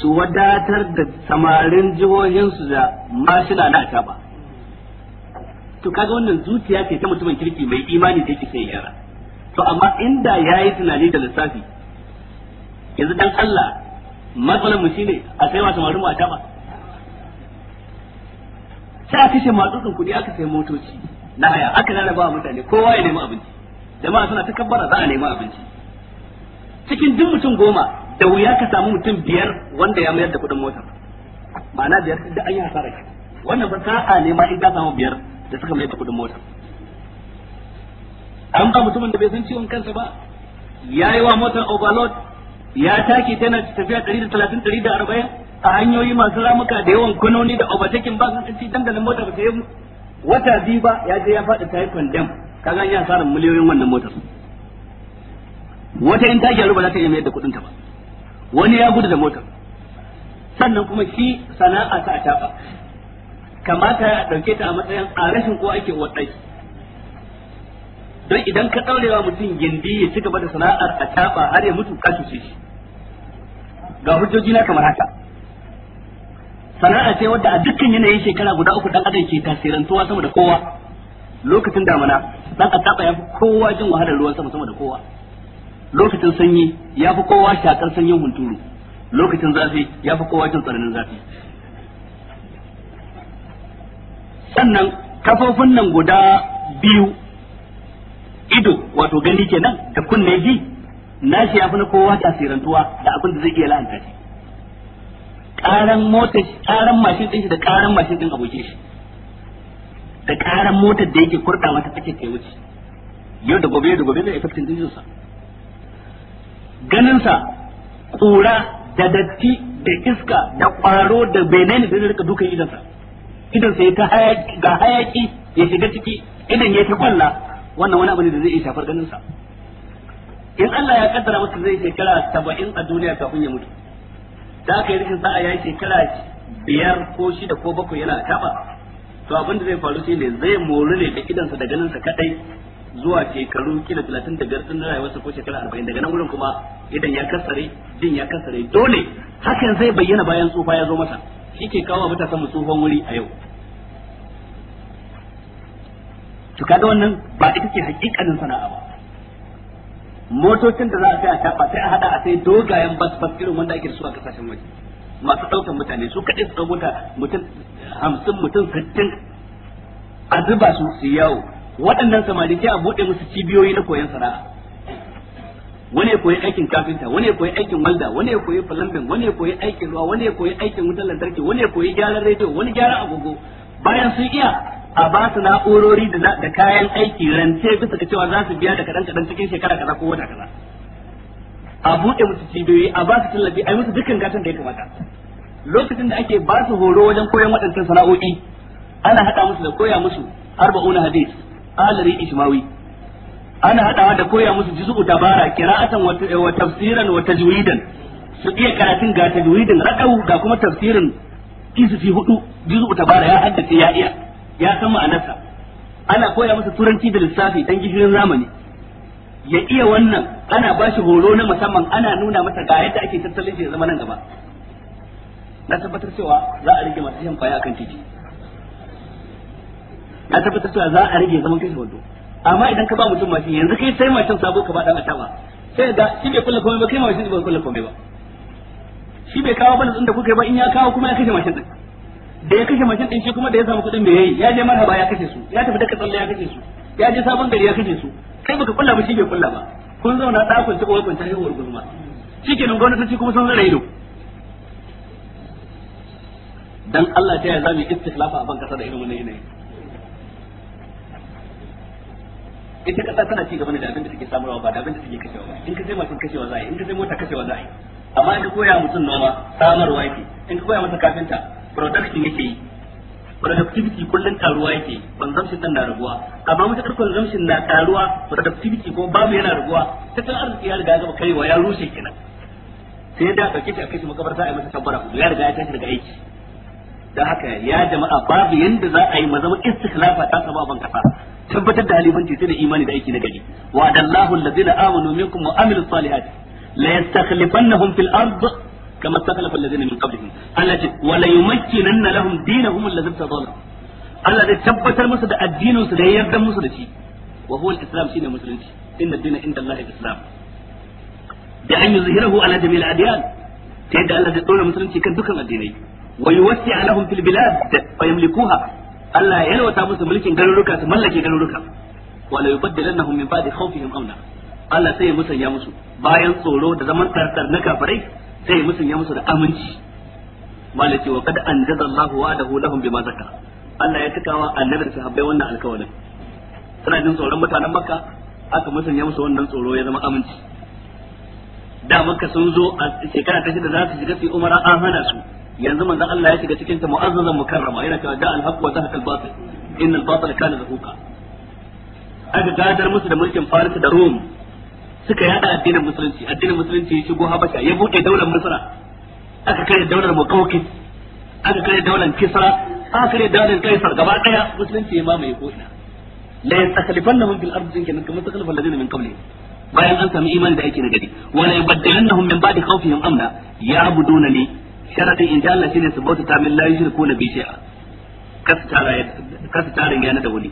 su wadatar da samarin jihohinsu da mashina na ataba to kaga wannan zuciya ce ta mutumin kirki mai imani da yake sai yara to amma inda yayi tunani da lissafi yanzu dan Allah matsalar mu shine a sai wa samarin mu a taba sai aka ce matsutsun kuɗi aka sai motoci na haya aka lalaba wa mutane kowa ya nemi abinci jama'a suna ta za a nemi abinci cikin duk mutum goma da wuya ka samu mutum biyar wanda ya mayar da kuɗin motar ma'ana biyar da an yi hasara ki wannan ba sa'a ne ma in ka samu biyar da suka mayar da kudin motar an ba mutumin da bai san ciwon kansa ba ya yi wa motar overload ya take tana tafiya da talatin da arba'in a hanyoyi masu ramuka da yawan kunoni da obatakin ba su ci dandalin mota ba sai wata biyu ba ya je ya faɗi yi condemn ka gani ya asarar miliyoyin wannan motar wata in ta gyaru ba za ta iya mayar da kuɗin ta ba wani ya gudu da motar sannan kuma shi sana'a ta tafa kamata ya ɗauke ta a matsayin a rashin ko ake waɗai don idan ka ɗaurewa mutum gindi ya ci gaba da sana'ar a taɓa har ya mutu ka shi ga hujjoji na kamar haka sana'a ce wadda a dukkan yanayin shekara guda uku dan adam ke tasirantuwa sama da kowa lokacin damana dan ataba ya fi kowa jin wahalar ruwan sama sama da kowa lokacin sanyi ya fi kowa shakar sanyin hunturu lokacin zafi ya fi kowa jin tsananin zafi sannan kafofin nan guda biyu ido wato gani kenan da kunne ji nashi yafi na kowa da sirantuwa da abin da zai iya la'anta shi karan motar karan mashin din shi da karan mashin din abokin shi da karan motar da yake kurda mata take kai wuce yau da gobe da gobe zai effectin din sa ganin sa kura da datti da iska da kwaro da benene da rika dukan idan sa idan sai ta hayaki ga hayaki ya shiga ciki idan ya ta kwalla wannan wani abu ne da zai iya shafar ganin sa in Allah ya kaddara masa zai shekara saba'in a duniya kafin ya mutu da aka yi rikin sa'a ya yi shekara biyar ko shida ko bakwai yana kaba to abin da zai faru shi ne zai mori ne da idansa da ganinsa kadai zuwa shekaru kila talatin da biyar sun wasu ko shekara arba'in daga nan wurin kuma idan ya kasare jin ya kasare dole hakan zai bayyana bayan tsufa ya zo masa shi ke kawo matasan mu tsohon wuri a yau to kaga wannan ba ita ce hakikanin sana'a ba motocin da za a sai a shafa sai a hada a sai dogayen bas bas irin wanda ake da su a kasashen waje masu daukan mutane su kaɗai su ɗau mota mutum hamsin mutum sittin a zuba su su yawo waɗannan samari sai a buɗe musu cibiyoyi na koyon sana'a wani ya koyi aikin kafinta wani ya koyi aikin walda wani ya koyi falambin wani ya koyi aikin ruwa wani ya koyi aikin wutar lantarki wani ya koyi gyaran rediyo wani gyaran agogo bayan sun iya a ba su na'urori da kayan aiki rance bisa ga cewa za su biya da kadan kadan cikin shekara kaza ko wata kaza a buɗe musu cibiyoyi a ba su tallafi a yi musu dukkan gatan da ya kamata lokacin da ake ba su horo wajen koyon waɗancan sana'o'i ana haɗa musu da koya musu arba'una hadis alari ishmawi ana haɗawa da koya musu juz'u dabara qira'atan wa tafsiran wa tajwidan su iya karatun ga tajwidan raɗau ga kuma tafsirin fi hudu juz'u tabara ya haddace ya iya ya san ma'anarsa ana koya masa turanci da lissafi dan gishirin zamani ya iya wannan ana ba shi horo na musamman ana nuna masa ga yadda ake tattalin shi ya zama nan gaba na tabbatar cewa za a rage masu shan kwaya akan titi na tabbatar cewa za a rage zaman kashe wando amma idan ka ba mutum mashin yanzu kai sai mashin sabo ka ba dan atawa sai ga shi bai kula komai ba kai mashin bai kula komai ba shi bai kawo bana da kuka yi ba in ya kawo kuma ya kashe mashin din da ya kashe mashin din shi kuma da ya samu kuɗin da yayi ya je marhaba ya kashe su ya tafi daga tsalle ya kashe su ya je sabon gari ya kashe su kai baka kulla ba shi bai kulla ba kun zauna ɗakun ta kwanta ne uwar gulma shikenan gwamnati kuma sun zara ido dan Allah ta ya zamu istikhlafa a ban kasa da irin wannan yanayi ita kasa tana ci gaba ne da abin da take samarwa ba da abin da take kashewa ba in ka sai mutum kashewa za a yi in ka sai mota kashewa za a yi amma in ka koya mutum noma samarwa yake in ka koya masa kafinta production yake yi productivity kullun taruwa yake consumption din na raguwa amma mutakar consumption na taruwa productivity ko babu yana raguwa tattalin arziki ya riga ya gaba kaiwa ya rushe kenan sai da ɗauke shi a kai shi makabarta a yi masa tabbara ya riga ya tashi daga aiki da haka ya jama'a babu yanda za a yi mazama istikhlafa ta saba ban kasa tabbatar da halibanci sai da imani da aiki na gari wa adallahu allazina amanu minkum wa amilus salihati la yastakhlifannahum fil ardh kama sakalafa allazina min qablihim Allah ce wala yumakkinanna lahum dinahum allazi tadalla Allah zai tabbatar musu da addinin su da yarda musu da shi wa huwa al-islam shine musulunci inna dina inda Allah al-islam da an yuzhirahu ala jami'il ta yadda Allah zai dora musulunci kan dukkan addinai wa a alahum fil bilad fa yamlikuha Allah ya yalwata musu mulkin garuruka su mallake garuruka wa la yubaddilannahum min amna Allah sai ya musanya musu bayan tsoro da zaman tartar na kafirai sai musun ya musu da aminci malaki wa kad anjaza Allah wa wa'adahu lahum bima zakara Allah ya tukawa annabi da sahabbai wannan alkawarin suna jin tsoron mutanen makka aka ya musu wannan tsoro ya zama aminci da makka sun zo a shekara ta shida za su shiga su umara an hana su yanzu manzon Allah ya shiga cikin ta mu'azzazan mukarrama yana cewa da alhaq wa zahaka albatil batil innal batila kana zahuqa aka gadar musu da mulkin Faris da Rome suka yada addinin musulunci addinin musulunci ya shigo habasha ya buɗe daular misra aka kare daular mukawkis aka kare daular kisra aka kare daular kaisar gaba daya musulunci ya mamaye ko ina la yastakhlifannahum fil ardi kenan kamar takhlafa alladhina min qablihim bayan an sami imani da aiki na gari wala yubaddilannahum min ba'di khawfihim amna ya'buduna li in ja Allah shine su bauta ta min la yushriku na bi shay'a kasu tarin yana da wani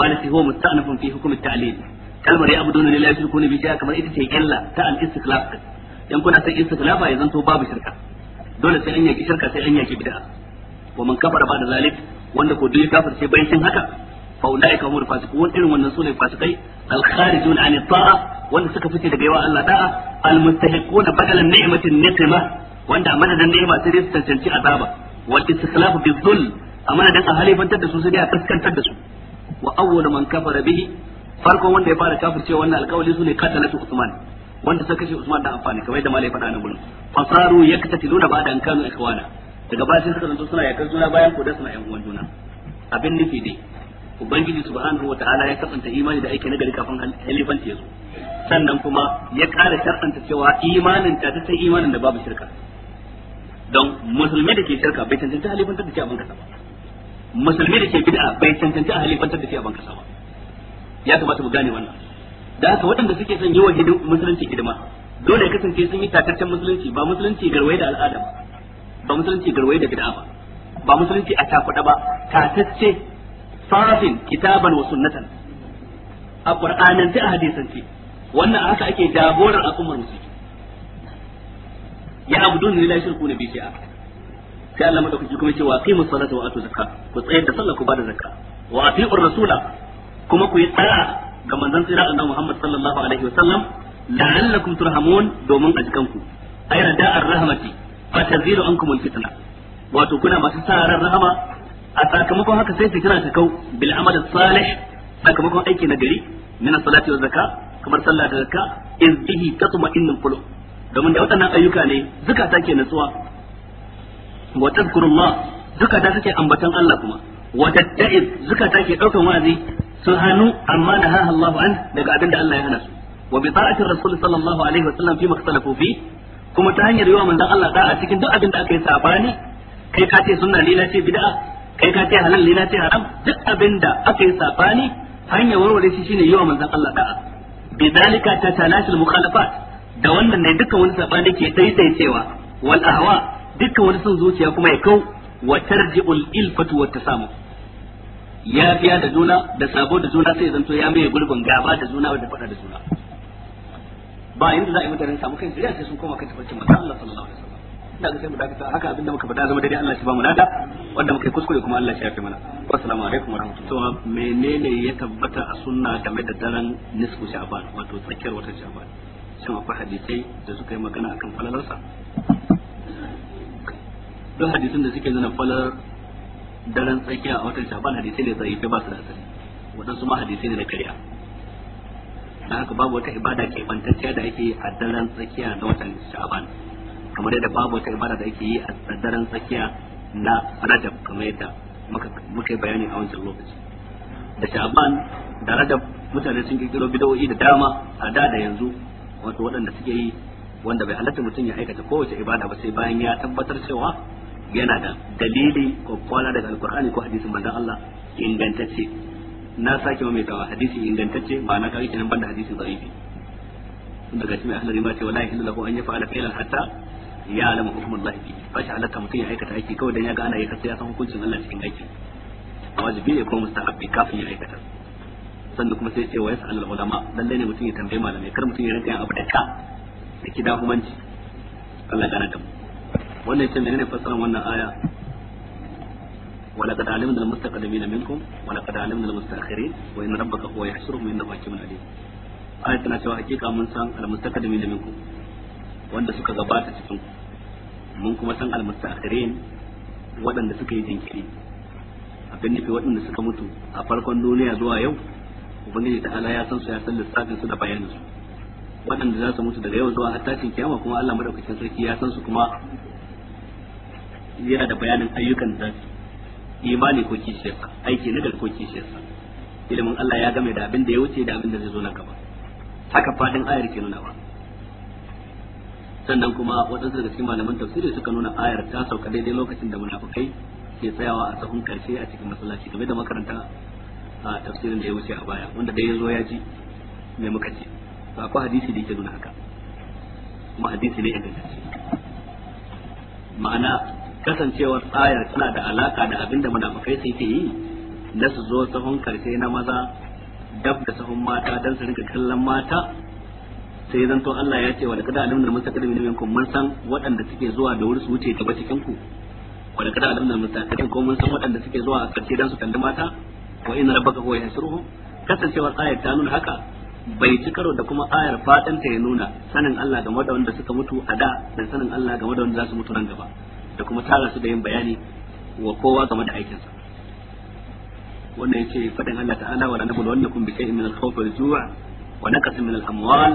malasi huwa musta'anafun fi hukum at-ta'lil kalmar ya abu dole ne la yushriku bi shay'a kamar ita ce illa ta al istiklaf in kuna san istiklafa ya zanto babu shirka dole sai an yaki shirka sai an yaki bid'a wa man kafara ba da zalik wanda ko duk kafir sai bai shin haka fa ulaika humul fasiqun irin wannan sune fasikai al kharijun an ta'a wanda suka fice daga yawa Allah da'a al mustahiqun badalan ni'matin niqma wanda mana madadin ni'ma sai dai su tantance azaba wal istiklaf bi dhul amana dan a halifantar da su sai a kaskantar da su wa awwal man kafara bihi farko wanda ya fara kafirce wannan alkawali sune katalatu usman wanda suka kashe usman da amfani kamar yadda malai faɗa nan gurin fasaru yaktatiluna ba'da an kanu ikhwana daga baya sai suka zanto suna yakar juna bayan ko da suna yan uwan juna abin nufi dai ubangiji subhanahu wa ta'ala ya kasanta imani da aiki na gari kafin halifanci ya zo sannan kuma ya ƙara shar'anta cewa imanin ta ta imanin da babu shirka don musulmi da ke shirka bai cancanci halifantar da ke a kasa ba musulmi da ke bid'a bai cancanci halifantar da ke a kasa ba ya kamata mu gane wannan da haka waɗanda suke son wa hidin musulunci hidima dole ya kasance sun yi takarcen musulunci ba musulunci garwaye da al'ada ba ba musulunci garwaye da bid'a ba ba musulunci a takuɗa ba tatacce farafin kitaban wa sunnatan a qur'anance a hadisanci wannan haka ake jagorar al'ummar musulunci ya abudun lillahi shirku ne bishiya. shi'a sai Allah madaukaki kuma cewa wa aqimus salata wa atu zakka ku tsayar da sallah ku bada zakka wa atiur rasula kuma ku yi tsara ga manzon tsira annabi Muhammad sallallahu alaihi wasallam la'allakum turhamun domin ajikan ku ay rada'ar rahmati fa tazilu ankum alfitna wato kuna masu rahama a sakamakon haka sai fitina ta kau bil amal salih sakamakon aiki min salati wa zakka kamar sallah da zakka bihi qulub domin da waɗannan ayyuka ne zukata ke nutsuwa wa tadhkurullah take Allah kuma wa ke daukan wa'azi Sun hannu amma da haha Allahu an daga abinda Allah ya hana su wa bi ta'ati rasul sallallahu alaihi wa sallam fi makhtalafu fi kuma ta hanyar yawa manzon Allah da a cikin duk abinda aka yi sabani kai ka ce sunna lila ce bid'a kai ka ce halal lila ce haram duk abinda aka yi sabani hanyar warware shi shine yawa manzon Allah da'a bidalika tatalashil mukhalafat da wannan ne dukkan wani sabani ke daidai daidaitawa wal ahwa dukkan wani son zuciya kuma ya kau wa tarji'ul ilfatu wat tasamuh ya fiya da juna da sabo da juna sai zanto ya mai gurbin gaba da juna da fada da juna ba inda za a yi mutane samu kan shirya sai sun koma kan tafarkin manzo Allah sallallahu alaihi wasallam da ga sai mu dakata haka abin da muka faɗa zama daidai Allah shi ba mu lada wanda muka yi kuskure kuma Allah shi ya fi mana assalamu alaikum warahmatullahi to menene ya tabbata a sunna game da daren nisfu sha'ban wato tsakiyar watan sha'ban shin akwai hadisai da suka yi magana akan falalarsa don hadisin da suke nuna falalar daren tsakiya a watan shaban hadisai ne zai ba su da asali waɗansu ma hadisai ne na karya Na haka babu wata ibada ke bantacciya da ake yi a daren tsakiya na watan shaban kamar yadda babu wata ibada da ake yi a daren tsakiya na rajab kamar yadda muka bayani a wancan lokaci da shaban da rajab mutane sun kirkiro bidawoyi da dama a da da yanzu wato waɗanda suke yi wanda bai halatta mutum ya aikata kowace ibada ba sai bayan ya tabbatar cewa yana da dalili ko kwana daga alkur'ani ko hadisin manzon Allah ingantacce na sake mai kawo hadisi ingantacce ba na da kenan banda hadisin zarifi daga cikin ahlari ma ce wala ko lahu an fa'ala fi'lan hatta ya'lamu hukmullahi fi fa shi halatta mutum ya aikata aiki kawai dan ya ga ana yi kasa ya san hukuncin Allah cikin aiki wajibi ne ko mustahabbi kafin ya aikata sannan kuma sai ce wa yas'al ulama lalle ne mutum ya tambaye malamai kar mutum ya rinka yin abu da ka da kidahumanci Allah ya gana da mu wannan yace ne fassara wannan aya wala ولقد علمنا المستقدمين منكم ولقد علمنا المستأخرين وإن ربك هو يحشرهم إنه حكيم عليم آية تنا cewa hakika mun san da minkum wanda suka gabata cikin mun kuma san almustaakhirin waɗanda suka yi jinkiri abin nufi waɗanda suka mutu a farkon duniya zuwa yau ubangiji ta ala ya san su ya san lissafin su da bayanin su waɗanda za su mutu daga yau zuwa a tashin kiyama kuma Allah madaukakin sarki ya san su kuma yana da bayanin ayyukan da imani ko kishiyarsa aiki na ko kishiyarsa ilimin Allah ya game da abin da ya wuce da abin da zai zo na gaba haka fadin ayar ke nuna ba sannan kuma waɗansu daga cikin malaman tafsiri suka nuna ayar ta sauka daidai lokacin da munafukai ke tsayawa a sahun karshe a cikin masallaci game da makaranta a tafsirin da ya wuce a baya wanda dai ya zo ya ji me muka ce ba ko hadisi da yake nuna haka kuma hadisi ne ingantacce ma'ana kasancewar aya tana da alaka da abin da munafikai suke yi na su zo sahun karshe na maza dab da sahun mata dan su rinka kallon mata sai zan to Allah ya ce wa laqad alimna al-mustaqdimin minkum mun san waɗanda suke zuwa da wuri su wuce gaba cikin ku wa laqad alimna al-mustaqdimin ko mun san waɗanda suke zuwa a karshe dan su kalli mata wa inna rabbaka huwa yasruhu kasancewar ayar ta nuna haka bai ci karo da kuma ayar fadanta ya nuna sanin Allah game da wanda suka mutu a da da sanin Allah game da wanda za su mutu nan gaba da kuma tara su da yin bayani wa kowa game da aikinsa wannan yace fadin Allah ta'ala wa lanabul wannakum bi shay'in min al-khawf wal ju' wa naqsin min al-amwal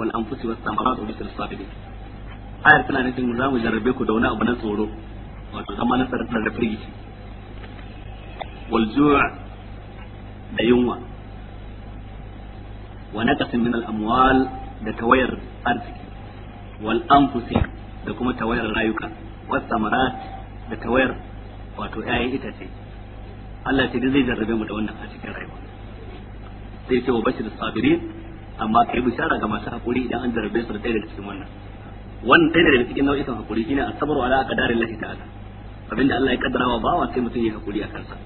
wal anfus was thamarat wa bisr sabirin ayar tana nufin za mu jarrabe ku da wani abu na tsoro wato zama na tsarar da firgici wal ju' da yunwa wa naqsin min al-amwal da tawayar arziki wal anfus da kuma tawayar rayuka wasamarat da kawayar wato ita ce Allah ce zai jarrabe mu da wannan a cikin rayuwa sai ce wa bashir sabirin amma kai bishara ga masu hakuri idan an jarrabe su da ɗaya da cikin wannan wannan ɗaya da cikin nau'ikan hakuri shine asabaru ala aqdarin lahi ta'ala abinda Allah ya kaddara wa bawa sai mutum ya hakuri a kansa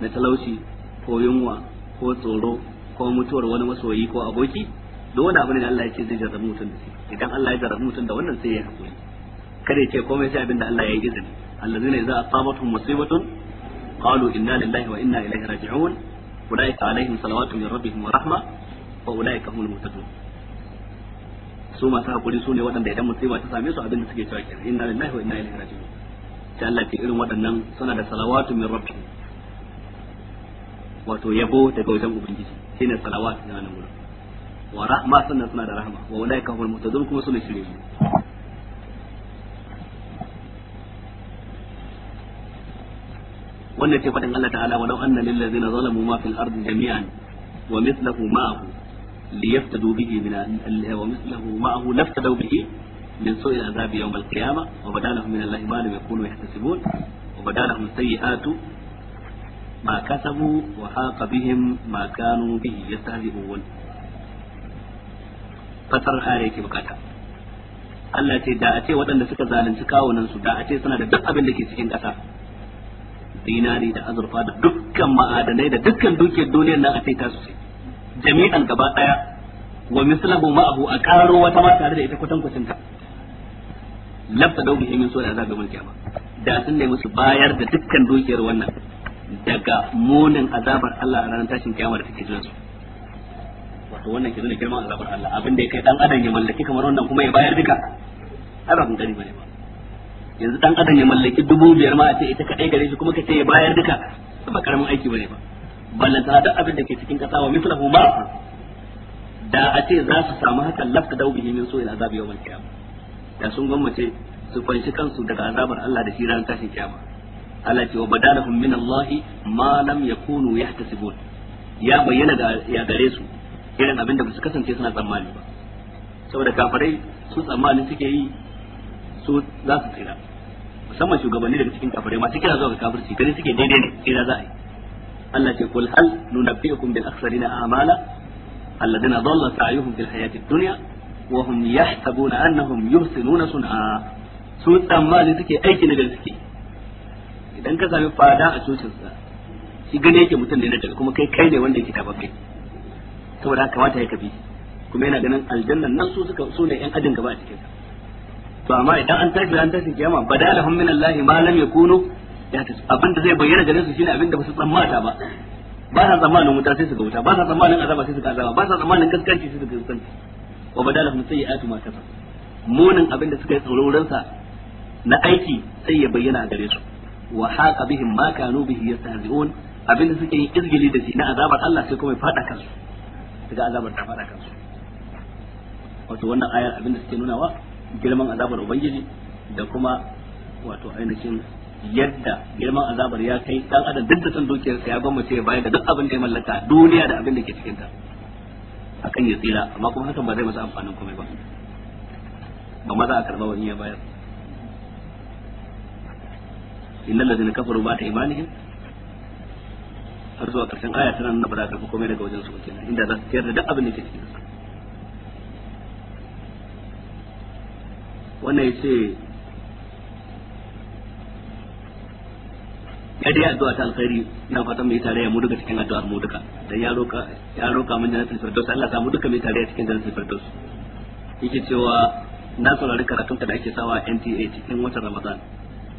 na talauci ko yunwa ko tsoro ko mutuwar wani masoyi ko aboki dole abin abu ne da Allah ya ce zai jarrabe mutum da shi idan Allah ya jarrabe mutum da wannan sai ya hakuri kada ya ce komai sai abinda Allah ya yi izini allazina idza asabatuhum musibatun qalu inna lillahi wa inna ilaihi raji'un ulaika alaihim salawatu min rabbihim wa rahma wa ulaika humul muhtadun su masu hakuri su ne waɗanda idan musiba ta same su abinda suke cewa kenan inna lillahi wa inna ilaihi raji'un sai Allah ke irin waɗannan suna da salawatu min rabbihim wato yabo daga wajen ubangiji shine salawatu na nan gurin wa rahma sannan suna da rahma wa ulaika humul muhtadun kuma suna shirye wannan ce fadin Allah ta'ala walau anna lil ladzina zalamu ma fil ardi jami'an wa mithluhu ma'ahu liyaftadu bihi min wa mithluhu ma'ahu laftadu bihi min su'i al'azab yawm al-qiyamah wa badalahum min Allah ma lam yakunu yahtasibun wa badalahum sayyi'atu ما كسبوا وحاق بهم ما كانوا به يستهزئون fasar hare yake bukata Allah ce da a ce waɗanda suka zalunci kawunan su da a ce suna da duk da ke cikin ƙasa dinari da azurfa da dukkan ma'adanai da dukkan dukiyar duniyar nan a ce ta sosai jami'an gaba daya wa mislabu ma'ahu a karo wata ma tare da ita kwatan kwatan ta labta da ubi himin sura azabi mulki ba da sun ne musu bayar da dukkan dukiyar wannan daga munin azabar Allah a ranar tashin kiyama da take jinsu wato wannan ke nuna girman azabar Allah abin da ya kai dan adam ya mallaki kamar wannan kuma ya bayar duka ai ba mun gani bane ba yanzu dan adam ya mallaki dubu biyar ma a ce ita kadai gare shi kuma ka ce ya bayar duka ba karamin aiki bane ba ballanta da abin da ke cikin kasa wa mislahu ma da a ce za su samu hakan lafta da ubihi min su'il azab yawmal qiyamah da sun gwammace su fanshi kansu daga azabar Allah da shi ran tashin kiyama Allah ce wa badalahum min Allah ma lam yakunu yahtasibun ya bayyana da ya gare su irin abin da ba su kasance suna tsammani ba saboda kafirai su tsammani suke yi su za su tsira musamman shugabanni daga cikin kafirai masu kira zuwa ga kafirci kare suke daidai ne tsira za a yi Allah ce kul hal nunabbi'ukum bil akhsarina a'mala alladhina dhalla sa'yuhum fil hayati dunya wa hum yahsabuna annahum yuhsinuna sun'a su tsammani suke aiki na gaske idan ka sami fada a cocinsa shi gane yake mutum ne na daga kuma kai kai ne wanda yake tababbe saboda kamata ya kabi kuma yana ganin aljannan nan su suka su ne yan adin gaba a cikin cikinsa to amma idan an tashi an tashi kiyama badalahum min Allah ma lam yakunu abinda zai bayyana gare su shine abinda ba su tsammata ba
ba sa tsammanin wuta sai
su ga wuta ba sa tsammanin azaba sai su ga azaba ba sa tsammanin kaskanci sai su ga kaskanci wa badalahum sayyi'atu ma kasab munin abinda suka yi tsoron sa na aiki sai ya bayyana a gare su wa haqa bihim ma kanu bihi yastahzi'un abinda suke yin izgili da shi na azabar Allah sai kuma ya fada kansu daga azabar ta fada kansu wato wannan ayar abinda suke nunawa girman azabar ubangiji da kuma wato ainihin yadda girman azabar ya kai dan adam duk da san dukiyar sa ya ce bayan da duk abin da ya mallaka duniya da abin da ke cikin ta akan ya tsira amma kuma hakan ba zai masa amfanin komai ba ba ma za a karba wani ya bayar innal ladina kafaru ba ta imanihim har zuwa karshen aya tana nuna ba za a komai daga wajen su kenan inda za su tsayar da duk abin da ke cikin sa wannan yace ya dai addu'a ta alkhairi ina fatan mai tare ya mu duka cikin addu'ar mu duka dan ya roka ya roka mun jannatul firdaus Allah samu duka mai tare cikin jannatul firdaus yake cewa na saurari karatun da ake sawa NTA cikin watan Ramadan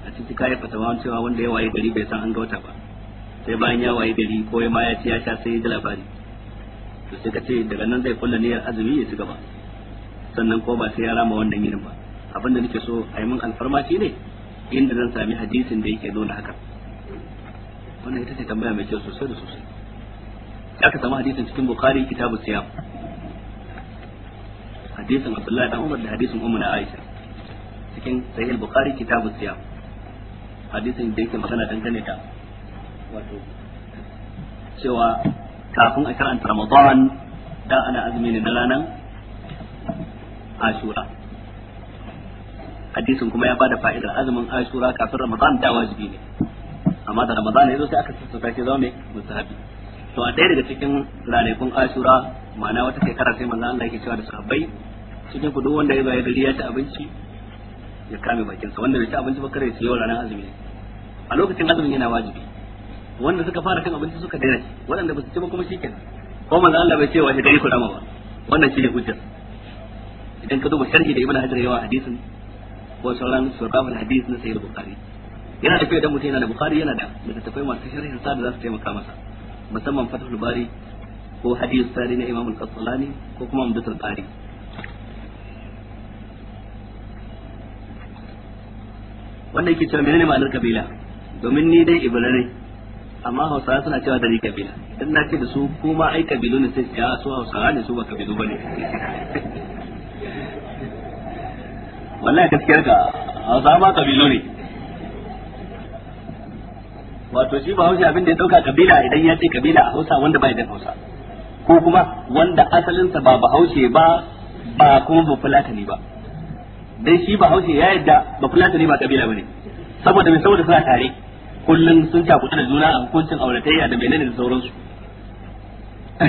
a cikin kayan fatawa cewa wanda ya waye gari bai san an ga wata ba sai bayan ya waye gari ko ya ma ya ci ya sha sai ya labari to sai ka ce daga nan zai kulla niyyar azumi ya ci gaba sannan ko ba sai ya rama wannan yinin ba abinda nake so a yi min alfarma shi ne inda zan sami hadisin da yake nuna haka wannan ita ce tambaya mai kyau sosai da sosai aka samu hadisin cikin bukhari kitabu siyam hadisin abdullahi dan umar da hadisin ummu na aisha cikin sahih bukhari kitabu siyam hadisin da yake magana dangane da wato cewa kafin a karanta ramadan da ana azumi ne na ranar ashura hadisin kuma ya bada fa'idar azumin ashura kafin ramadan da wajibi ne amma da ramadan ya sai aka sassauta shi zama mai musabi to a ɗaya daga cikin ranakun ashura ma'ana wata shekara sai manzo Allah yake cewa da sahabbai cikin ku duk wanda ya zai ya gari ya ci abinci ya kame bakinsa wanda bai ci abinci ba kare yau ranar azumi a lokacin azumin yana wajibi wanda suka fara kan abinci suka daina ci waɗanda ba su ci ba kuma shi kenan ko manzo Allah bai ce wa shi dai ku rama ba wannan shi ne hujja idan ka duba sharhi da ibnu hajar yawa hadisin ko sauran surahul hadith na sayyid bukhari yana da kyau mutum yana da bukhari yana da littattafai masu sharhin sa da za su taimaka masa musamman fathul bari ko hadith sari na imam al ko kuma umdatul qari wanda yake cewa menene ma'anar kabila domin ni dai ibra ne amma hausawa suna cewa da ni kabila dan na ce da su kuma ai kabilu ne sai su ya su hausawa ne su ba kabilu ba ne. wallahi gaskiyar ka hausa ma kabilu ne wato shi ba hausa abin da ya dauka kabila idan ya ce kabila a hausa wanda bai da hausa ko kuma wanda asalinsa ba bahaushe ba ba kuma ba fulatani ba dai shi ba ya yadda ba fulatani ba kabila bane saboda mai saboda suna tare kullum sun cakuɗa da juna a hukuncin auratayya da menene da sauransu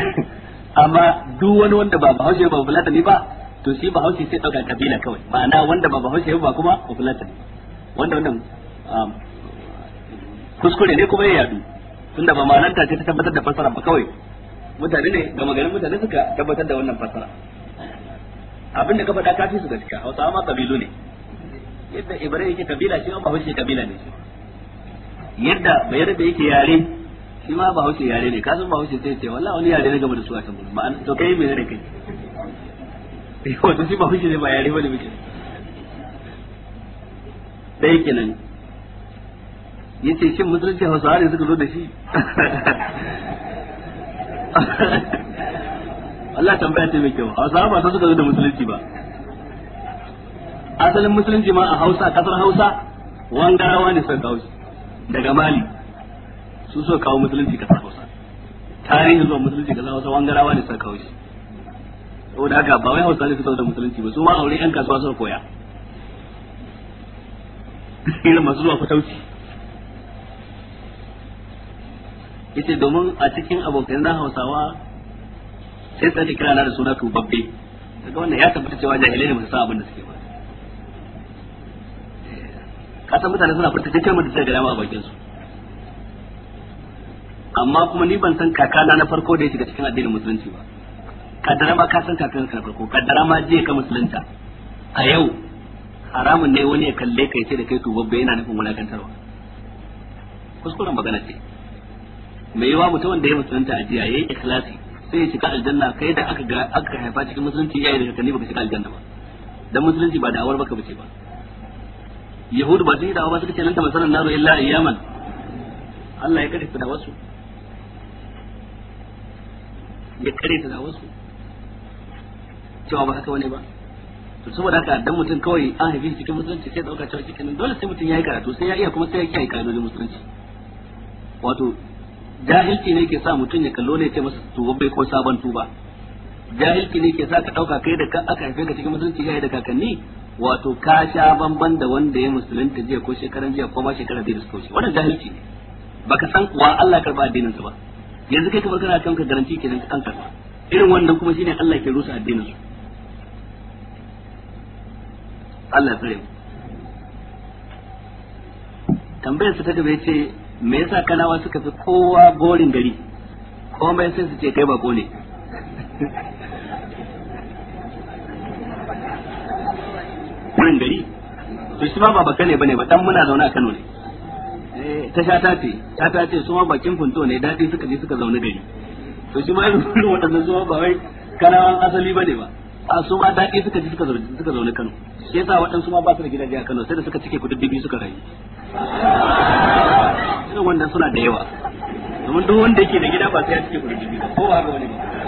amma duk wani wanda ba bahaushe ba fulatani ba to shi bahaushe sai dauka kabila kawai ma'ana wanda ba bahaushe ba kuma kufulata wanda wannan um, kuskure ne kuma ya yadu tunda ba malanta ce ta tabbatar da fasara ba kawai mutane ne ga maganin mutane suka tabbatar da wannan fasara abinda ka faɗa kafi su gaskiya hausa ma kabilu ne yadda ibrahim yake kabila shi ba bahaushe kabila ne yadda bayar da yake yare shi ma bahaushe yare ne kasan bahaushe sai ce wallahi wani yare ne game da su a can ma'ana to kai mai ne kai wato shi ba fushi ne ba yare bane muke dai kenan yace shin musulunci a hausawa ne suka zo da shi Allah tambaya ta mai kyau hausawa ba ta suka zo da musulunci ba asalin musulunci ma a hausa kasar hausa wangarawa ne suka kawo daga mali su suka kawo musulunci kasar hausa tarihin zuwa musulunci kasar hausa wangarawa ne suka kawo shi saboda haka ba wai hausa ne suka da musulunci ba su ma aure yan kasuwa suka koya irin masu zuwa fatauci ita domin a cikin abokan na hausawa sai sai kira na da suna tubabbe daga wannan ya tabbata cewa jahilai ne masu su abin da suke ba kasan mutane suna furta cikin kalmar da suka gada ma a bakin su amma kuma ni ban san kakana na farko da ya shiga cikin addinin musulunci ba kaddara ma ka san kakan ka farko kaddara ma je ka musulunta a yau haramun ne wani ya kalle kai sai da kai to babba yana nufin wulakantarwa kuskuren magana ce mai yawa mutum wanda ya musulunta a jiya yayi ikhlasi sai ya shiga aljanna kai da aka ga aka haifa cikin musulunci yayi daga kanni baka shiga aljanna ba dan musulunci ba da awar baka bace ba yahudu ba sun yi awar suka ce nan ta masarar naro illa ayyaman Allah ya karanta da wasu ya karanta da wasu cewa ba haka wani ba to saboda haka dan mutum kawai an haife cikin musulunci sai dauka cewa cikin dole sai mutum yayi karatu sai ya iya kuma sai ya kiyaye kalolin musulunci wato jahilci ne ke sa mutum ya kallo ne ce masa tuba bai ko sabon tuba jahilci ne ke sa ka dauka kai da aka haife ka cikin musulunci yayi da kakanni wato ka sha bamban da wanda ya musulunta jiya ko shekaran jiya ko ba shekara da suka wuce wannan jahilci
ne baka san kuwa Allah
karba addinin sa ba yanzu kai kamar kana kanka garanti kenan ka karba irin wannan kuma shine Allah ke rusa addinin su Allah ya tsare mu tambayar su ta gaba yace me yasa kanawa suka fi kowa gorin gari komai sai su ce kai bako ne gorin gari to shi ma ba baka ne bane ba dan muna zaune a Kano ne eh, ta sha ta ce ta ta ce su ma bakin funto ne dadi suka je suka zaune gari to shi ma irin waɗannan su ba wai kanawan asali bane ba a su ma daɗi suka ji suka zaune Kano shi yasa waɗansu ma ba su da gidaje a Kano sai da suka cike kududdufi suka rayu irin wannan suna da yawa domin duk wanda yake da gida ba sai
ya cike biyu ba ko ba haka wani ba